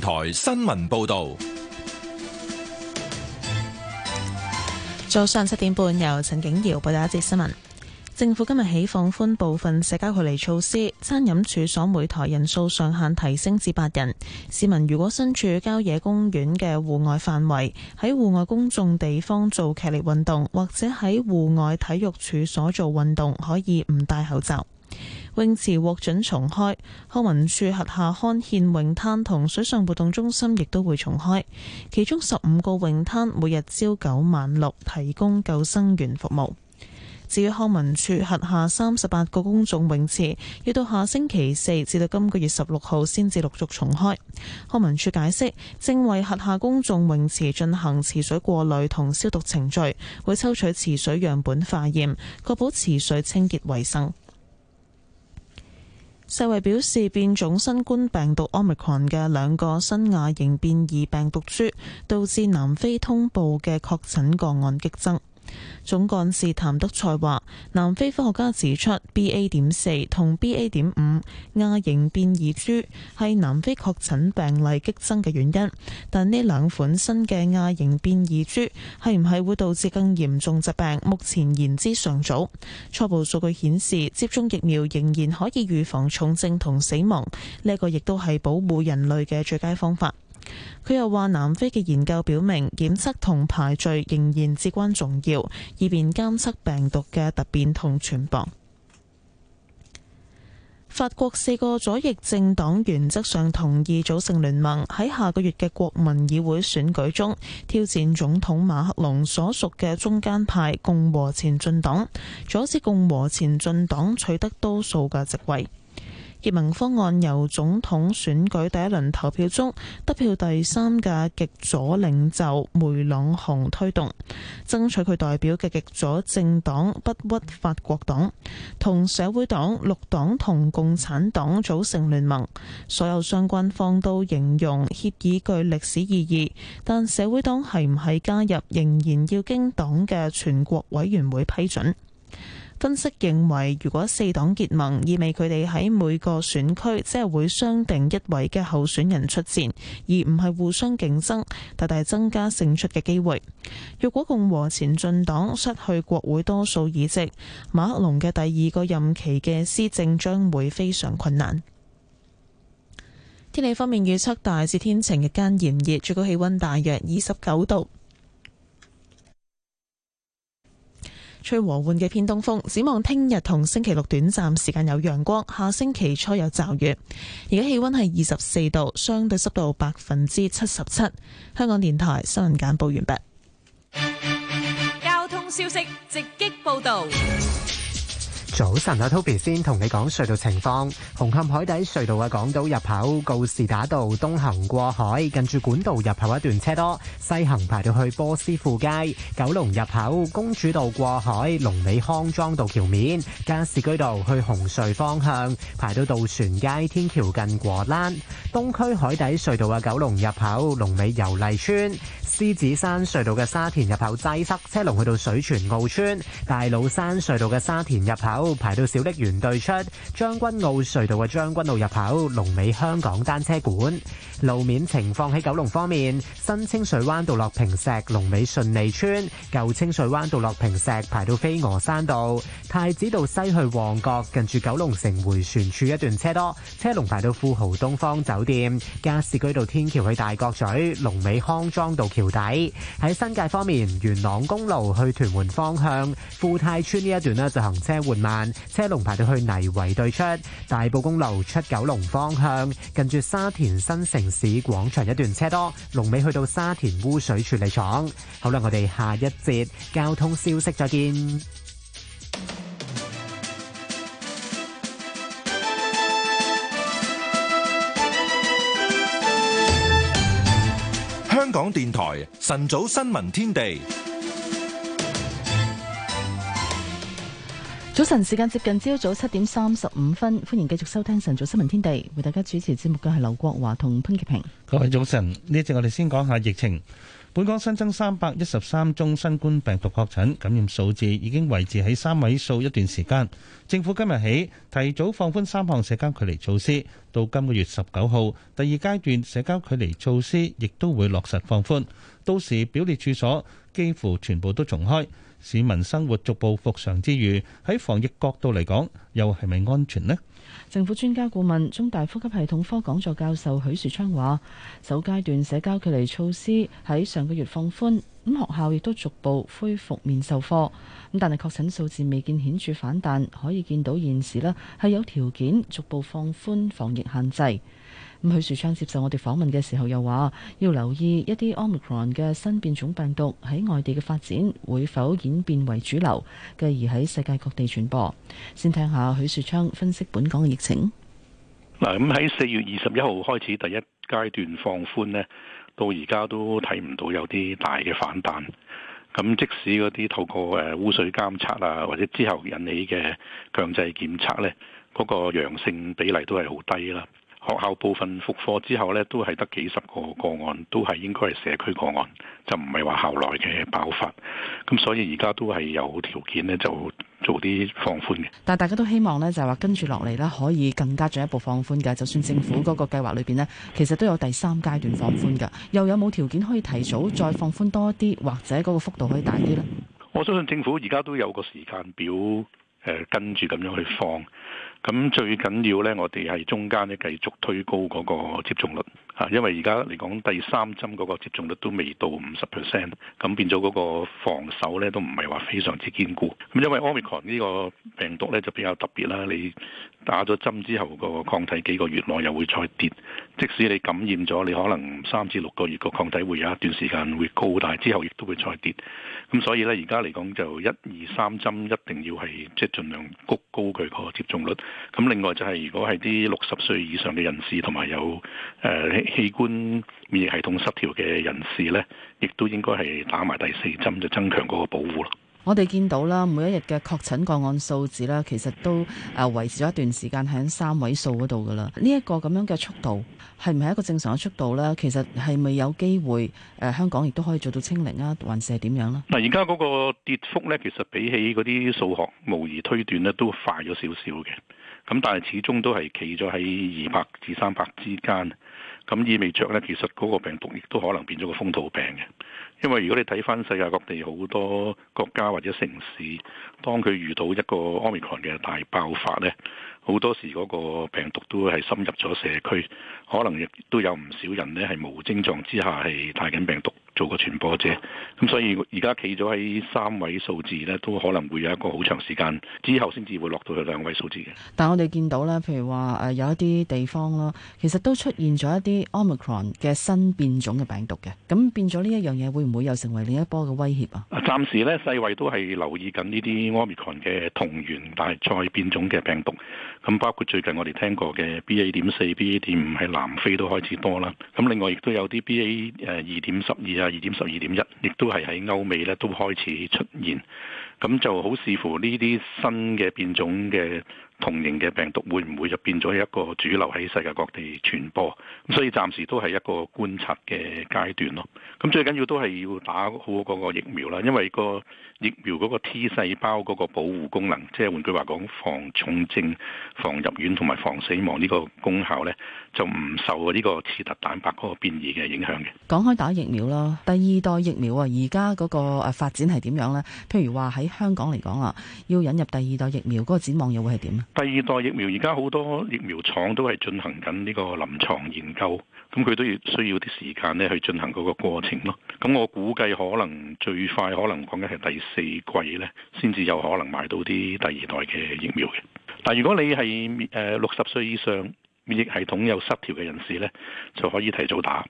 台新聞報道，早上七點半由陳景堯報道一節新聞。政府今日起放寬部分社交距離措施，餐飲處所每台人數上限提升至八人。市民如果身處郊野公園嘅戶外範圍，喺戶外公眾地方做劇烈運動，或者喺戶外體育處所做運動，可以唔戴口罩。泳池獲准重開，康文署轄下康健泳灘同水上活動中心亦都會重開，其中十五個泳灘每日朝九晚六提供救生員服務。至於康文署轄下三十八個公眾泳池，要到下星期四至到今個月十六號先至陸續重開。康文署解釋，正為轄下公眾泳池進行池水過濾同消毒程序，會抽取池水樣本化驗，確保池水清潔衞生。世衛表示，變種新冠病毒 Omicron 嘅兩個新亞型變異病毒株，導致南非通報嘅確診個案激增。總幹事譚德賽話：南非科學家指出，BA 點四同 BA 點五亞型變異株係南非確診病例激增嘅原因，但呢兩款新嘅亞型變異株係唔係會導致更嚴重疾病，目前言之尚早。初步數據顯示，接種疫苗仍然可以預防重症同死亡，呢、這個亦都係保護人類嘅最佳方法。佢又話，南非嘅研究表明，檢測同排序仍然至關重要，以便監測病毒嘅突變同傳播。法國四個左翼政黨原則上同意組成聯盟，喺下個月嘅國民議會選舉中挑戰總統馬克龍所屬嘅中間派共和前進黨，阻止共和前進黨取得多數嘅席位。結盟方案由總統選舉第一輪投票中得票第三嘅極左領袖梅朗雄推動，爭取佢代表嘅極左政黨不屈法國黨同社會黨、綠黨同共產黨，組成聯盟。所有相關方都形容協議具歷史意義，但社會黨係唔係加入，仍然要經黨嘅全國委員會批准。分析認為，如果四黨結盟，意味佢哋喺每個選區即係會商定一位嘅候選人出戰，而唔係互相競爭，大大增加勝出嘅機會。若果共和前進黨失去國會多數議席，馬克龍嘅第二個任期嘅施政將會非常困難。天氣方面，預測大致天晴，日間炎熱，最高氣溫大約二十九度。吹和緩嘅偏東風，展望聽日同星期六短暫時間有陽光，下星期初有驟雨。而家氣温係二十四度，相對濕度百分之七十七。香港電台新聞簡報完畢。交通消息直擊報道。早晨啊，Toby 先同你講隧道情況。紅磡海底隧道嘅港島入口告士打道東行過海，近住管道入口一段車多；西行排到去波斯富街、九龍入口公主道過海、龍尾康莊道橋面、加士居道去紅隧方向，排到渡船街天橋近果欄。東區海底隧道嘅九龍入口龍尾油麗邨。獅子山隧道嘅沙田入口擠塞，車龍去到水泉澳村；大老山隧道嘅沙田入口排到小瀝源對出；將軍澳隧道嘅將軍澳入口龍尾香港單車館。路面情況，喺九龍方面，新清水灣道落坪石、龍尾順利村；舊清水灣道落坪石排到飛鵝山道，太子道西去旺角近住九龍城回旋處一段車多，車龍排到富豪東方酒店；加士居道天橋去大角咀、龍尾康莊道橋底。喺新界方面，元朗公路去屯門方向富泰村呢一段呢就行車緩慢，車龍排到去泥圍對出，大埔公路出九龍方向近住沙田新城市廣場一段車多，龍尾去到沙田污水處理廠。好啦，我哋下一節交通消息再見。香港電台晨早新聞天地。早晨，時間接近朝早七點三十五分，歡迎繼續收聽晨早新聞天地，為大家主持節目嘅係劉國華同潘潔平。各位早晨，呢一節我哋先講下疫情。本港新增三百一十三宗新冠病毒確診，感染數字已經維持喺三位數一段時間。政府今日起提早放寬三項社交距離措施，到今個月十九號，第二階段社交距離措施亦都會落實放寬。到時，表列處所幾乎全部都重開。市民生活逐步復常之餘，喺防疫角度嚟講，又係咪安全呢？政府專家顧問、中大呼吸系統科講座教授許樹昌話，首階段社交距離措施喺上個月放寬，咁學校亦都逐步恢復面授課，咁但係確診數字未見顯著反彈，可以見到現時呢係有條件逐步放寬防疫限制。咁許樹昌接受我哋訪問嘅時候又話，要留意一啲 omicron 嘅新變種病毒喺外地嘅發展，會否演變為主流，繼而喺世界各地傳播。先聽下許樹昌分析本港嘅疫情。嗱，咁喺四月二十一號開始第一階段放寬咧，到而家都睇唔到有啲大嘅反彈。咁即使嗰啲透過誒污水監測啊，或者之後引起嘅強制檢測呢，嗰個陽性比例都係好低啦。學校部分復課之後呢，都係得幾十個個案，都係應該係社區個案，就唔係話校內嘅爆發。咁所以而家都係有條件呢，就做啲放寬嘅。但大家都希望呢，就係話跟住落嚟呢，可以更加進一步放寬嘅。就算政府嗰個計劃裏邊呢，其實都有第三階段放寬㗎。又有冇條件可以提早再放寬多啲，或者嗰個幅度可以大啲呢？我相信政府而家都有個時間表，誒、呃，跟住咁樣去放。咁最緊要咧，我哋係中間咧繼續推高嗰個接種率。因為而家嚟講第三針嗰個接種率都未到五十 percent，咁變咗嗰個防守咧都唔係話非常之堅固。咁因為奧密 o n 呢個病毒咧就比較特別啦，你打咗針之後，那個抗體幾個月內又會再跌。即使你感染咗，你可能三至六個月個抗體會有一段時間會高大，但之後亦都會再跌。咁所以咧而家嚟講就一、二、三針一定要係即係盡量焗高佢個接種率。咁另外就係、是、如果係啲六十歲以上嘅人士同埋有誒，呃器官免疫系統失調嘅人士呢，亦都應該係打埋第四針，就增強嗰個保護咯。我哋見到啦，每一日嘅確診個案數字呢，其實都誒維持咗一段時間喺三位數嗰度噶啦。呢一個咁樣嘅速度，係唔係一個正常嘅速度呢？其實係咪有機會誒、呃、香港亦都可以做到清零啊？還是點樣呢？嗱，而家嗰個跌幅呢，其實比起嗰啲數學模擬推斷呢，都快咗少少嘅。咁但係始終都係企咗喺二百至三百之間。咁意味着咧，其實嗰個病毒亦都可能變咗個風土病嘅，因為如果你睇翻世界各地好多國家或者城市，當佢遇到一個奧密克戎嘅大爆發咧。好多時嗰個病毒都係深入咗社區，可能亦都有唔少人呢係無症狀之下係帶緊病毒做個傳播者。咁所以而家企咗喺三位數字呢，都可能會有一個好長時間之後先至會落到去兩位數字嘅。但係我哋見到呢，譬如話誒、呃、有一啲地方啦，其實都出現咗一啲 Omicron 嘅新變種嘅病毒嘅。咁變咗呢一樣嘢，會唔會又成為另一波嘅威脅啊？暫時呢，世衞都係留意緊呢啲 Omicron 嘅同源但係再變種嘅病毒。咁包括最近我哋聽過嘅 BA 點四、BA 點五喺南非都開始多啦，咁另外亦都有啲 BA 誒二點十二啊、二點十二點一，亦都係喺歐美咧都開始出現，咁就好視乎呢啲新嘅變種嘅。同型嘅病毒會唔會就變咗一個主流喺世界各地傳播？咁所以暫時都係一個觀察嘅階段咯。咁最緊要都係要打好嗰個疫苗啦，因為個疫苗嗰個 T 細胞嗰個保護功能，即係換句話講防重症、防入院同埋防死亡呢個功效咧，就唔受呢個刺突蛋白嗰個變異嘅影響嘅。講開打疫苗啦，第二代疫苗啊，而家嗰個誒發展係點樣咧？譬如話喺香港嚟講啊，要引入第二代疫苗嗰個展望又會係點咧？第二代疫苗而家好多疫苗廠都係進行緊呢個臨床研究，咁佢都要需要啲時間咧去進行嗰個過程咯。咁我估計可能最快可能講緊係第四季咧，先至有可能買到啲第二代嘅疫苗嘅。但如果你係誒六十歲以上免疫系統有失調嘅人士咧，就可以提早打。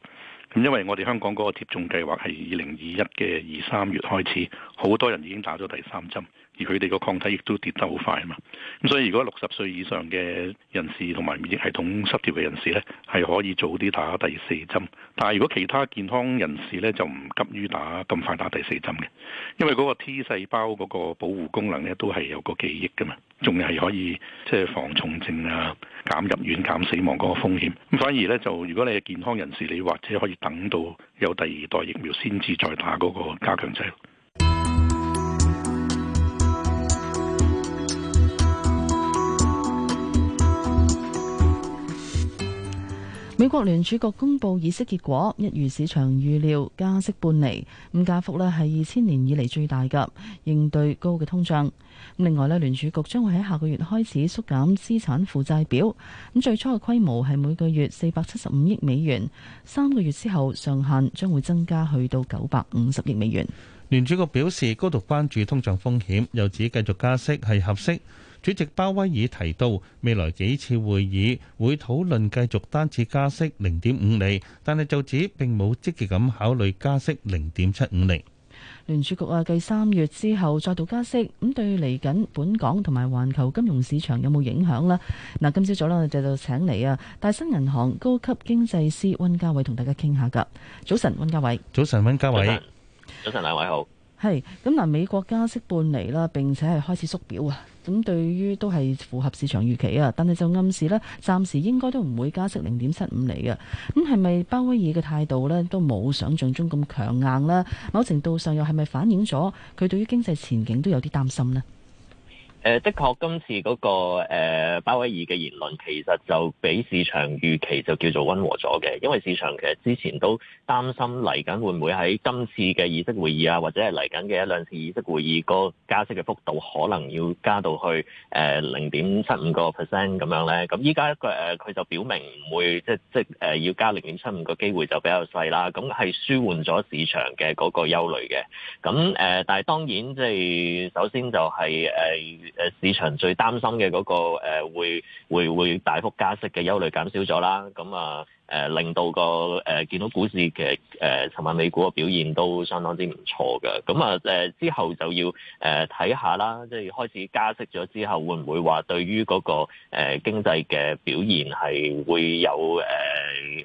咁因為我哋香港嗰個接種計劃係二零二一嘅二三月開始，好多人已經打咗第三針，而佢哋個抗體亦都跌得好快啊嘛，咁所以如果六十歲以上嘅人士同埋免疫系統失調嘅人士呢，係可以早啲打第四針。但係如果其他健康人士呢，就唔急於打咁快打第四針嘅，因為嗰個 T 細胞嗰個保護功能呢，都係有個記憶㗎嘛，仲係可以即係、就是、防重症啊、減入院、減死亡嗰個風險。咁反而呢，就，如果你係健康人士，你或者可以等到有第二代疫苗先至再打嗰個加強劑。美國聯儲局公布議息結果，一如市場預料，加息半厘，咁加幅咧係二千年以嚟最大嘅，應對高嘅通脹。另外咧，聯儲局將會喺下個月開始縮減資產負債表，咁最初嘅規模係每個月四百七十五億美元，三個月之後上限將會增加去到九百五十億美元。聯儲局表示高度關注通脹風險，又指繼續加息係合適。主席鮑威爾提到，未來幾次會議會討論繼續單次加息0.5厘，但係就指並冇積極咁考慮加息0.75厘。聯儲局啊，繼三月之後再度加息，咁對嚟緊本港同埋環球金融市場有冇影響呢？嗱，今朝早呢我哋就請嚟啊，大新銀行高級經濟師溫家偉同大家傾下噶。早晨，溫家偉。早晨，溫家偉。早晨，兩位好。係，咁嗱，美國加息半厘啦，並且係開始縮表啊，咁對於都係符合市場預期啊，但係就暗示咧，暫時應該都唔會加息零點七五厘嘅，咁係咪鮑威爾嘅態度呢都冇想象中咁強硬啦？某程度上又係咪反映咗佢對於經濟前景都有啲擔心呢？誒、呃，的確今次嗰、那個誒鮑、呃、威爾嘅言論，其實就比市場預期就叫做溫和咗嘅，因為市場其實之前都擔心嚟緊會唔會喺今次嘅議息會議啊，或者係嚟緊嘅一兩次議息會議個加息嘅幅度可能要加到去誒零點七五個 percent 咁樣咧，咁依家一個誒佢、呃、就表明唔會，即係即係誒、呃、要加零點七五個機會就比較細啦，咁係舒緩咗市場嘅嗰個憂慮嘅，咁誒、呃，但係當然即係首先就係、是、誒。呃誒市場最擔心嘅嗰個誒會會會大幅加息嘅憂慮減少咗啦，咁啊。誒、呃、令到個誒、呃、見到股市其實誒尋晚美股嘅表現都相當之唔錯嘅，咁啊誒之後就要誒睇下啦，即係開始加息咗之後，會唔會話對於嗰、那個誒、呃、經濟嘅表現係會有誒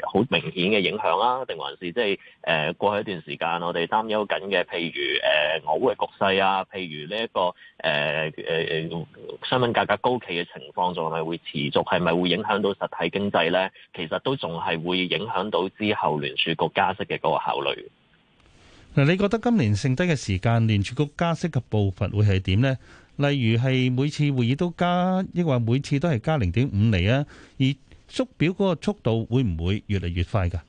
好、呃、明顯嘅影響啦、啊？定還是即係誒過去一段時間我哋擔憂緊嘅，譬如歐美嘅局勢啊，譬如呢一個誒誒誒商品價格高企嘅情況，仲係會持續，係咪會影響到實體經濟咧？其實都仲係。係會影響到之後聯儲局加息嘅嗰個考慮。嗱，你覺得今年剩低嘅時間，聯儲局加息嘅步伐會係點呢？例如係每次會議都加，抑或每次都係加零點五厘啊？而縮表嗰個速度會唔會越嚟越快噶？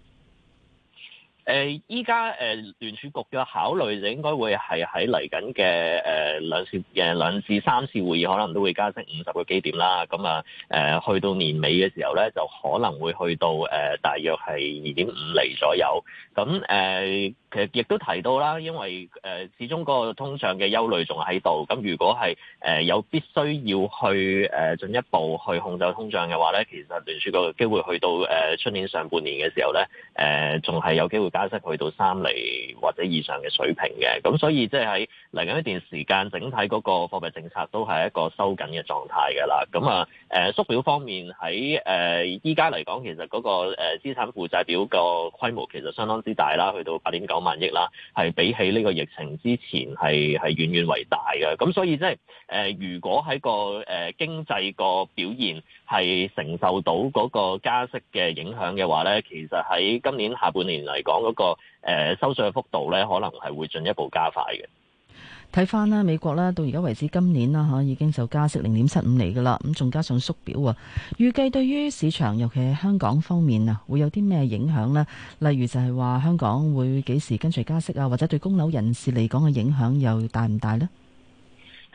誒依家誒聯儲局嘅考慮就應該會係喺嚟緊嘅誒兩次誒兩至三次會議，可能都會加息五十個基點啦。咁啊誒去到年尾嘅時候咧，就可能會去到誒、呃、大約係二點五厘左右。咁誒、呃、其實亦都提到啦，因為誒、呃、始終個通脹嘅憂慮仲喺度。咁如果係誒、呃、有必須要去誒、呃、進一步去控制通脹嘅話咧，其實聯儲局嘅機會去到誒、呃、出年上半年嘅時候咧，誒仲係有機會加息去到三厘或者以上嘅水平嘅，咁所以即係喺，嚟緊一段時間，整體嗰個貨幣政策都係一個收緊嘅狀態㗎啦。咁、嗯、啊，誒、呃、縮表方面喺誒依家嚟講，其實嗰、那個誒資、呃、產負債表個規模其實相當之大啦，去到八點九萬億啦，係比起呢個疫情之前係係遠遠為大嘅。咁、嗯、所以即係誒，如果喺個誒、呃、經濟個表現係承受到嗰個加息嘅影響嘅話咧，其實喺今年下半年嚟講，嗰、那個、呃、收縮嘅幅度咧，可能係會進一步加快嘅。睇翻啦，美國啦，到而家為止今年啦嚇已經就加息零點七五厘噶啦，咁仲加上縮表啊，預計對於市場，尤其係香港方面啊，會有啲咩影響呢？例如就係話香港會幾時跟隨加息啊，或者對供樓人士嚟講嘅影響又大唔大呢？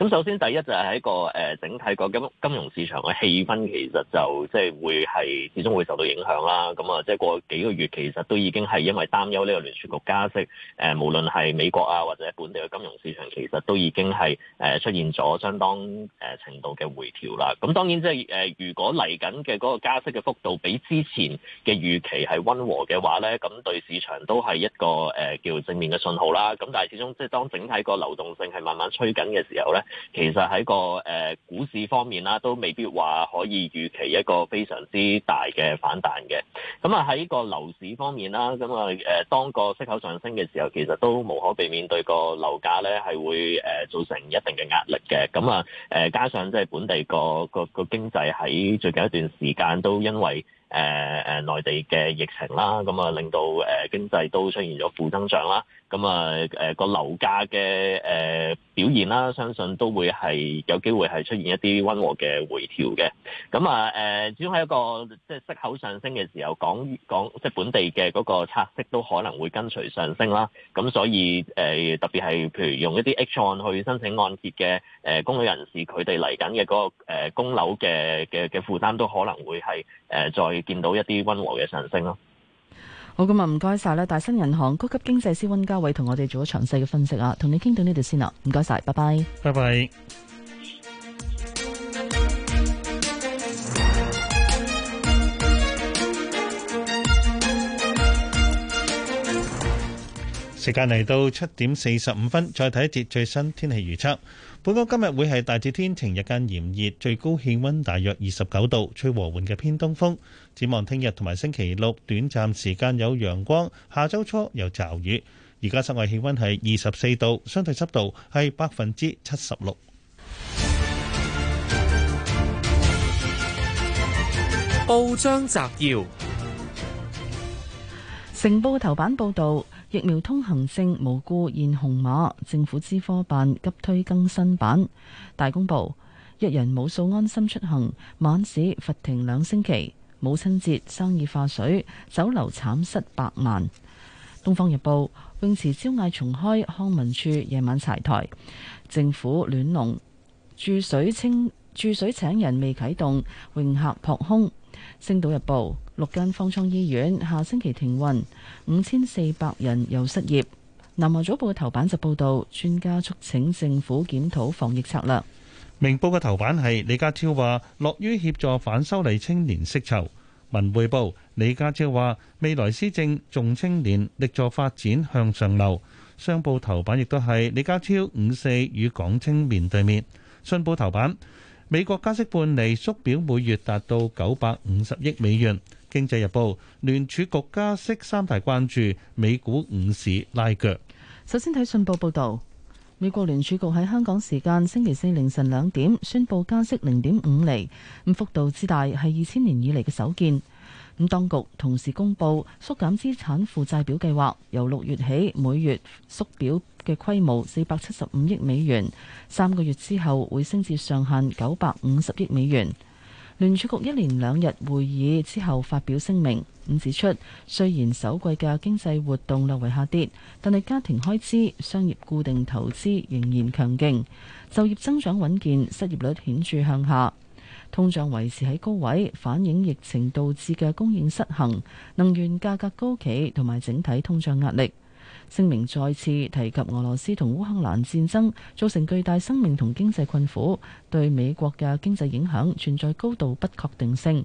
咁首先第一就係喺個誒整體個金金融市場嘅氣氛，其實就即係會係始終會受到影響啦。咁啊，即係過幾個月其實都已經係因為擔憂呢個聯儲局加息，誒、呃、無論係美國啊或者本地嘅金融市場，其實都已經係誒、呃、出現咗相當誒、呃、程度嘅回調啦。咁當然即係誒，如果嚟緊嘅嗰個加息嘅幅度比之前嘅預期係溫和嘅話咧，咁對市場都係一個誒、呃、叫正面嘅信號啦。咁但係始終即係當整體個流動性係慢慢趨緊嘅時候咧。其實喺個誒、呃、股市方面啦，都未必話可以預期一個非常之大嘅反彈嘅。咁啊喺個樓市方面啦，咁啊誒當個息口上升嘅時候，其實都無可避免對個樓價呢係會誒、呃、造成一定嘅壓力嘅。咁啊誒加上即係本地個個個經濟喺最近一段時間都因為誒誒內地嘅疫情啦，咁、嗯、啊令到誒、呃、經濟都出現咗負增長啦。咁啊，誒個樓價嘅誒表現啦，相信都會係有機會係出現一啲溫和嘅回調嘅。咁啊，誒始終係一個即係、就是、息口上升嘅時候，港港即係本地嘅嗰個拆息都可能會跟隨上升啦。咁所以誒、呃，特別係譬如用一啲 H 按去申請按揭嘅誒供樓人士，佢哋嚟緊嘅嗰個誒供、呃、樓嘅嘅嘅負擔都可能會係誒、呃、再見到一啲溫和嘅上升咯。好，咁啊，唔該晒啦！大新銀行高級經濟師温家偉同我哋做咗詳細嘅分析啊，同你傾到呢度先啦，唔該晒，拜拜，拜拜。時間嚟到七點四十五分，再睇一節最新天氣預測。本港今日會係大致天晴，日間炎熱，最高氣溫大約二十九度，吹和緩嘅偏東風。展望聽日同埋星期六，短暫時間有陽光，下周初有驟雨。而家室外氣溫係二十四度，相對濕度係百分之七十六。報章摘要，成報頭版報道。疫苗通行證無故現紅碼，政府資科辦急推更新版。大公報，一人冇數安心出行，晚市罰停兩星期。母親節生意化水，酒樓慘失百萬。《東方日報》，泳池招藝重開，康文署夜晚柴台。政府暖弄，注水清注水請人未啟動，泳客撲空。《星島日報》六間方艙醫院下星期停運，五千四百人又失業。《南華早報》嘅頭版就報道，專家促請政府檢討防疫策略。《明報》嘅頭版係李家超話樂於協助反修例青年釋囚。《文匯報》李家超話未來施政重青年，力助發展向上流。商報頭版亦都係李家超五四與港青面對面。信報頭版。美國加息半厘，縮表每月達到九百五十億美元。經濟日報，聯儲局加息三大關注，美股午市拉腳。首先睇信報報道，美國聯儲局喺香港時間星期四凌晨兩點宣佈加息零點五厘，咁幅度之大係二千年以嚟嘅首見。咁當局同時公布縮減資產負債表計劃，由六月起每月縮表嘅規模四百七十五億美元，三個月之後會升至上限九百五十億美元。聯儲局一連兩日會議之後發表聲明，咁指出雖然首季嘅經濟活動略為下跌，但係家庭開支、商業固定投資仍然強勁，就業增長穩健，失業率顯著向下。通脹維持喺高位，反映疫情導致嘅供應失衡、能源價格高企同埋整體通脹壓力。聲明再次提及俄羅斯同烏克蘭戰爭造成巨大生命同經濟困苦，對美國嘅經濟影響存在高度不確定性。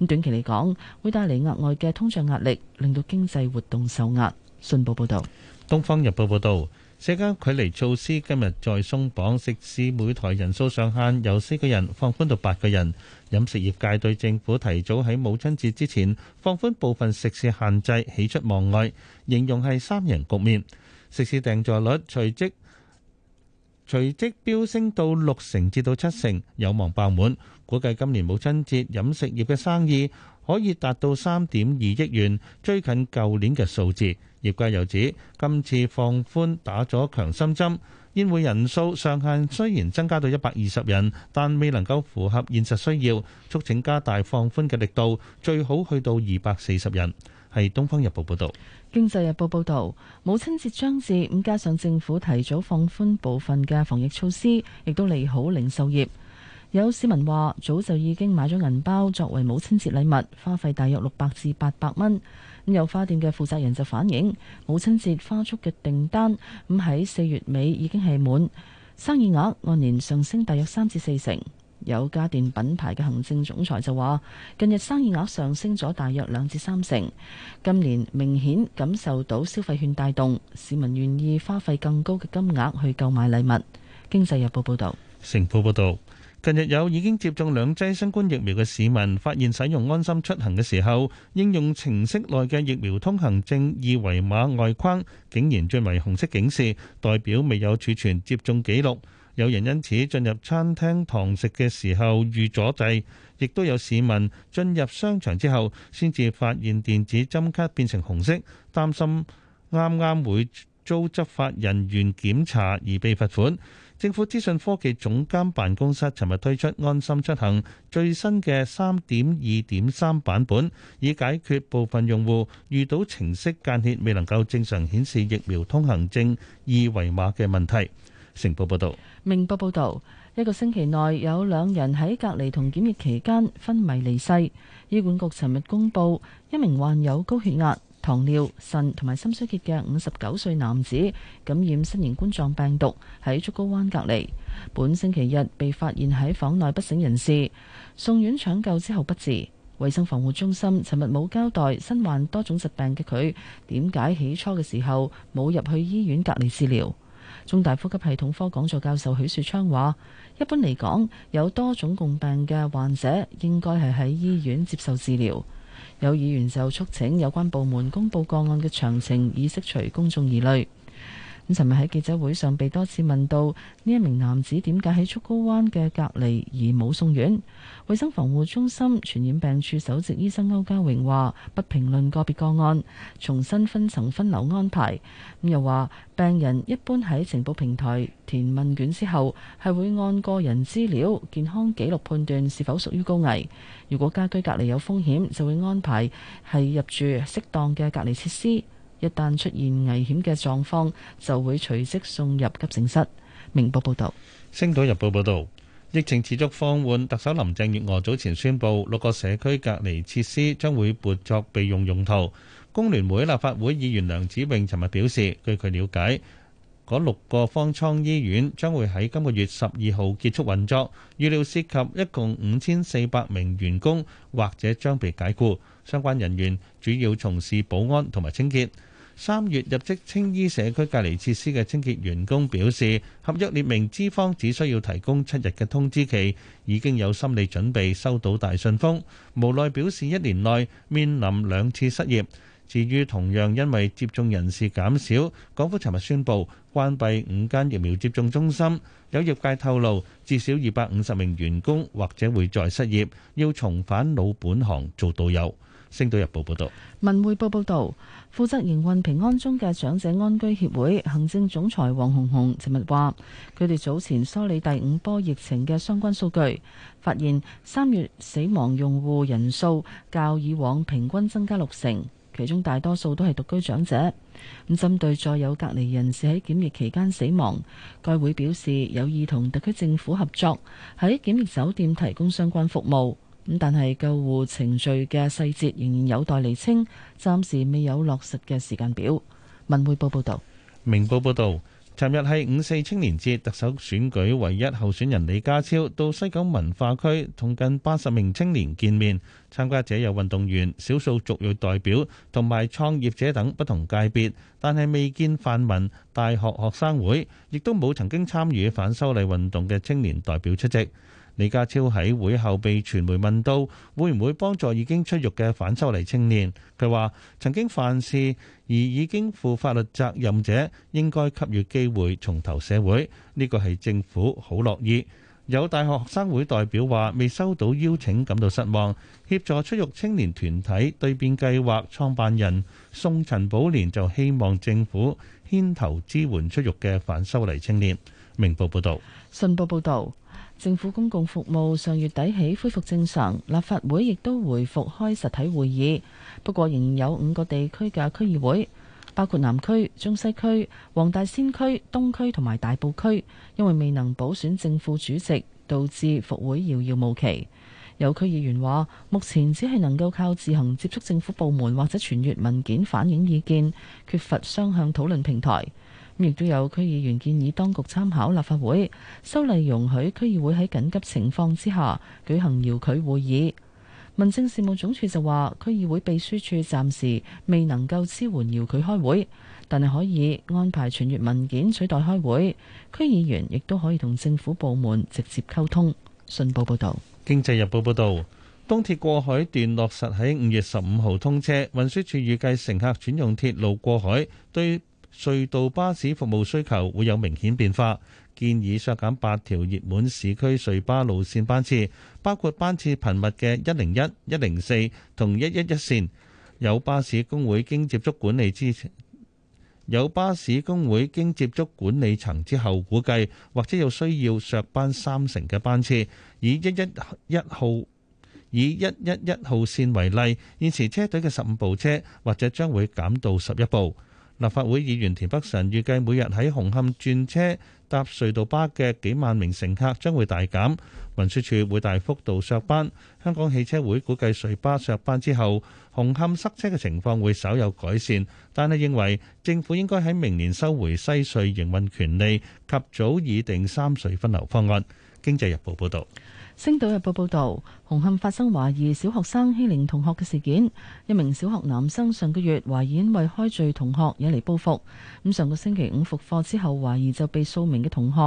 咁短期嚟講，會帶嚟額外嘅通脹壓力，令到經濟活動受壓。信報報道。《東方日報》報導。社交距離措施今日再鬆綁，食肆每台人數上限由四個人放寬到八個人。飲食業界對政府提早喺母親節之前放寬部分食肆限制喜出望外，形容係三人局面。食肆訂座率隨即隨即飆升到六成至到七成，有望爆滿。估計今年母親節飲食業嘅生意可以達到三點二億元，追近舊年嘅數字。業界又指，今次放寬打咗強心針，宴會人數上限雖然增加到一百二十人，但未能夠符合現實需要，促請加大放寬嘅力度，最好去到二百四十人。係《東方日報》報導，《經濟日報》報導，母親節將至，咁加上政府提早放寬部分嘅防疫措施，亦都利好零售業。有市民話，早就已經買咗銀包作為母親節禮物，花費大約六百至八百蚊。咁有花店嘅負責人就反映，母親節花束嘅訂單咁喺四月尾已經係滿，生意額按年上升大約三至四成。有家電品牌嘅行政總裁就話，近日生意額上升咗大約兩至三成，今年明顯感受到消費券帶動，市民願意花費更高嘅金額去購買禮物。經濟日報報道。成報報導。近日有已經接種兩劑新冠疫苗嘅市民，發現使用安心出行嘅時候，應用程式內嘅疫苗通行證二維碼外框，竟然轉為紅色警示，代表未有儲存接種記錄。有人因此進入餐廳堂食嘅時候遇阻滯，亦都有市民進入商場之後，先至發現電子針卡變成紅色，擔心啱啱會遭執法人員檢查而被罰款。政府資訊科技總監辦公室尋日推出安心出行最新嘅三點二點三版本，以解決部分用戶遇到程式間歇未能夠正常顯示疫苗通行證二維碼嘅問題。成報報道。明報報導，一個星期內有兩人喺隔離同檢疫期間昏迷離世。醫管局尋日公布，一名患有高血壓、糖尿、腎同埋心衰竭嘅五十九歲男子感染新型冠狀病毒，喺竹篙灣隔離。本星期日被發現喺房內不省人事，送院搶救之後不治。衛生防護中心尋日冇交代身患多種疾病嘅佢點解起初嘅時候冇入去醫院隔離治療。中大呼吸系統科講座教授許樹昌話：一般嚟講，有多種共病嘅患者應該係喺醫院接受治療。有議員就促請有關部門公佈個案嘅詳情，以釋除公眾疑慮。咁尋日喺記者會上被多次問到，呢一名男子點解喺竹篙灣嘅隔離而冇送院？衞生防護中心傳染病處首席醫生歐家榮話：不評論個別個案，重新分層分流安排。咁又話病人一般喺情報平台填問卷之後，係會按個人資料、健康記錄判斷是否屬於高危。如果家居隔離有風險，就會安排係入住適當嘅隔離設施。一旦出現危險嘅狀況，就會隨即送入急症室。明報報道。《星島日報》報道，疫情持續放緩，特首林鄭月娥早前宣布，六個社區隔離設施將會撥作備用用途。工聯會立法會議員梁子穎尋日表示，據佢了解，嗰六個方艙醫院將會喺今個月十二號結束運作，預料涉及一共五千四百名員工，或者將被解雇。相關人員主要從事保安同埋清潔。三月入職青衣社區隔離設施嘅清潔員工表示，合約列明資方只需要提供七日嘅通知期，已經有心理準備收到大信封。無奈表示一年內面臨兩次失業。至於同樣因為接種人士減少，港府尋日宣布關閉五間疫苗接種中心，有業界透露至少二百五十名員工或者會再失業，要重返老本行做導遊。星島日報報道，文匯報報道，負責營運平安鐘嘅長者安居協會行政總裁黃紅紅，尋日話，佢哋早前梳理第五波疫情嘅相關數據，發現三月死亡用戶人數較以往平均增加六成，其中大多數都係獨居長者。咁針對再有隔離人士喺檢疫期間死亡，該會表示有意同特區政府合作，喺檢疫酒店提供相關服務。咁但係救護程序嘅細節仍然有待釐清，暫時未有落實嘅時間表。文匯報報道。明報報道，尋日係五四青年節，特首選舉唯一候選人李家超到西九文化區同近八十名青年見面。參加者有運動員、少數族裔代表同埋創業者等不同界別，但係未見泛民大學學生會，亦都冇曾經參與反修例運動嘅青年代表出席。李家超喺會後被傳媒問到會唔會幫助已經出獄嘅反修例青年，佢話曾經犯事而已經負法律責任者，應該給予機會重投社會，呢個係政府好樂意。有大學學生會代表話未收到邀請，感到失望。協助出獄青年團體對變計劃創辦人宋陳寶蓮就希望政府牽頭支援出獄嘅反修例青年。明報報道。信報報導。政府公共服務上月底起恢復正常，立法會亦都回復開實體會議，不過仍然有五個地區嘅區議會，包括南區、中西區、黃大仙區、東區同埋大埔區，因為未能補選正副主席，導致復會遙遙無期。有區議員話：目前只係能夠靠自行接觸政府部門或者傳閱文件反映意見，缺乏雙向討論平台。亦都有區議員建議當局參考立法會修例，容許區議會喺緊急情況之下舉行遙距會議。民政事務總署就話，區議會秘書處暫時未能夠支援遙距開會，但係可以安排傳閱文件取代開會。區議員亦都可以同政府部門直接溝通。信報報導，《經濟日報》報導，東鐵過海段落實喺五月十五號通車，運輸署預計乘客轉用鐵路過海對隧道巴士服務需求會有明顯變化，建議削減八條熱門市區隧巴路線班次，包括班次頻密嘅一零一、一零四同一一一線。有巴士工會經接觸管理之有巴士工會經接觸管理層之後，估計或者有需要削班三成嘅班次。以一一一號以一一一號線為例，現時車隊嘅十五部車，或者將會減到十一部。立法會議員田北辰預計每日喺紅磡轉車搭隧道巴嘅幾萬名乘客將會大減，運輸署會大幅度削班。香港汽車會估計隧道巴削班之後，紅磡塞車嘅情況會稍有改善，但係認為政府應該喺明年收回西隧營運權利，及早擬定三隧分流方案。經濟日報報導。星島日報報道，紅磡發生懷疑小學生欺凌同學嘅事件。一名小學男生上個月懷疑因為開罪同學引嚟報復，咁、嗯、上個星期五復課之後，懷疑就被數名嘅同學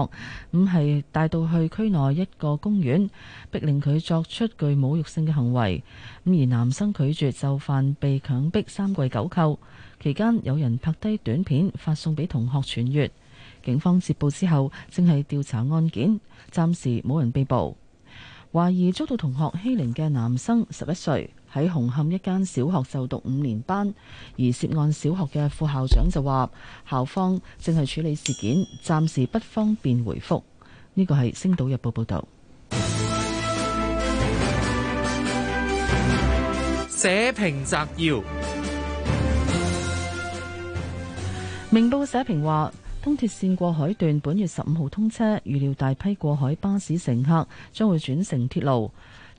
咁係、嗯、帶到去區內一個公園，逼令佢作出具侮辱性嘅行為。咁、嗯、而男生拒絕就犯，被強迫三跪九叩期間，有人拍低短片發送俾同學傳閱。警方接報之後正係調查案件，暫時冇人被捕。懷疑遭到同學欺凌嘅男生，十一歲，喺紅磡一間小學就讀五年班，而涉案小學嘅副校長就話校方正係處理事件，暫時不方便回覆。呢、這個係《星島日報》報道。社評摘要，明報社評話。東鐵線過海段本月十五號通車，預料大批過海巴士乘客將會轉乘鐵路。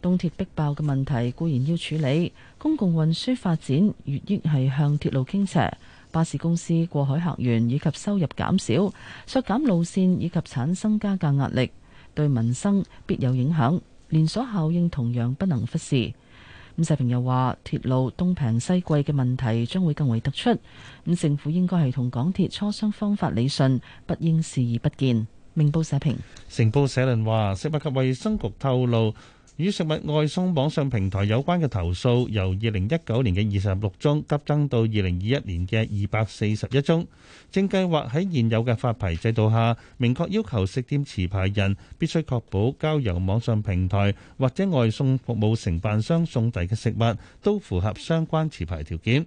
東鐵逼爆嘅問題固然要處理，公共運輸發展越益係向鐵路傾斜，巴士公司過海客源以及收入減少，削減路線以及產生加價壓力，對民生必有影響，連鎖效應同樣不能忽視。咁社評又話，鐵路東平西貴嘅問題將會更為突出。咁政府應該係同港鐵磋商方法理順，不應視而不見。明報社評。成報社論話，食物及衛生局透露。與食物外送網上平台有關嘅投訴，由二零一九年嘅二十六宗急增到二零二一年嘅二百四十一宗。正計劃喺現有嘅發牌制度下，明確要求食店持牌人必須確保交由網上平台或者外送服務承辦商送遞嘅食物都符合相關持牌條件。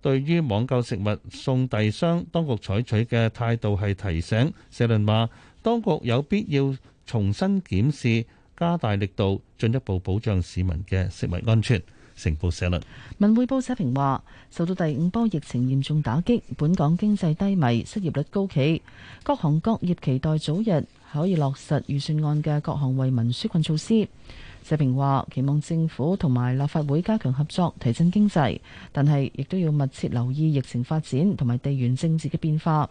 對於網購食物送遞商，當局採取嘅態度係提醒。社論話：當局有必要重新檢視。加大力度，進一步保障市民嘅食物安全。成報社論，文匯報社評話：受到第五波疫情嚴重打擊，本港經濟低迷，失業率高企，各行各業期待早日可以落實預算案嘅各項惠民舒困措施。社評話：期望政府同埋立法會加強合作，提振經濟，但係亦都要密切留意疫情發展同埋地緣政治嘅變化。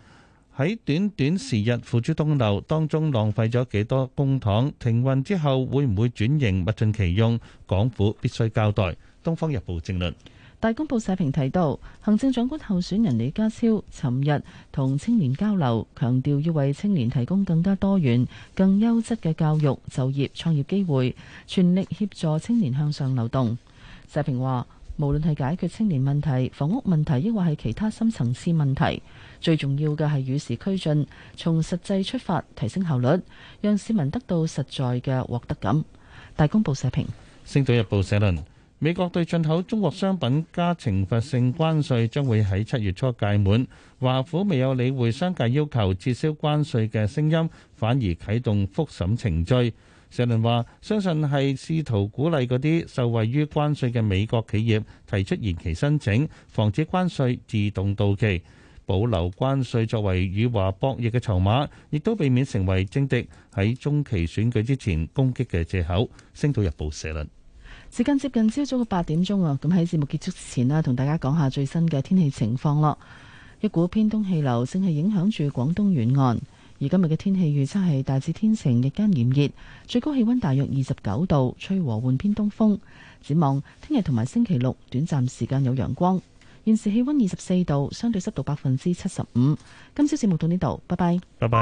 喺短短時日付諸東流當中，浪費咗幾多公帑？停運之後會唔會轉型物盡其用？港府必須交代。《東方日報》政論大公報社評提到，行政長官候選人李家超尋日同青年交流，強調要為青年提供更加多元、更優質嘅教育、就業、創業機會，全力協助青年向上流動。社評話，無論係解決青年問題、房屋問題，抑或係其他深層次問題。最重要嘅係與時俱進，從實際出發，提升效率，讓市民得到實在嘅獲得感。大公報社評，《星島日報》社論：美國對進口中國商品加懲罰性關稅將會喺七月初屆滿，華府未有理會商界要求撤銷關稅嘅聲音，反而啟動覆審程序。社論話：相信係試圖鼓勵嗰啲受惠於關稅嘅美國企業提出延期申請，防止關稅自動到期。保留關稅作為與華博弈嘅籌碼，亦都避免成為政敵喺中期選舉之前攻擊嘅借口。星島日報社論。時間接近朝早嘅八點鐘啊，咁喺節目結束之前啦，同大家講下最新嘅天氣情況咯。一股偏東氣流正係影響住廣東沿岸，而今日嘅天氣預測係大致天晴，日間炎熱，最高氣溫大約二十九度，吹和緩偏東風。展望聽日同埋星期六，短暫時間有陽光。現時氣溫二十四度，相對濕度百分之七十五。今朝節目到呢度，拜拜。拜拜。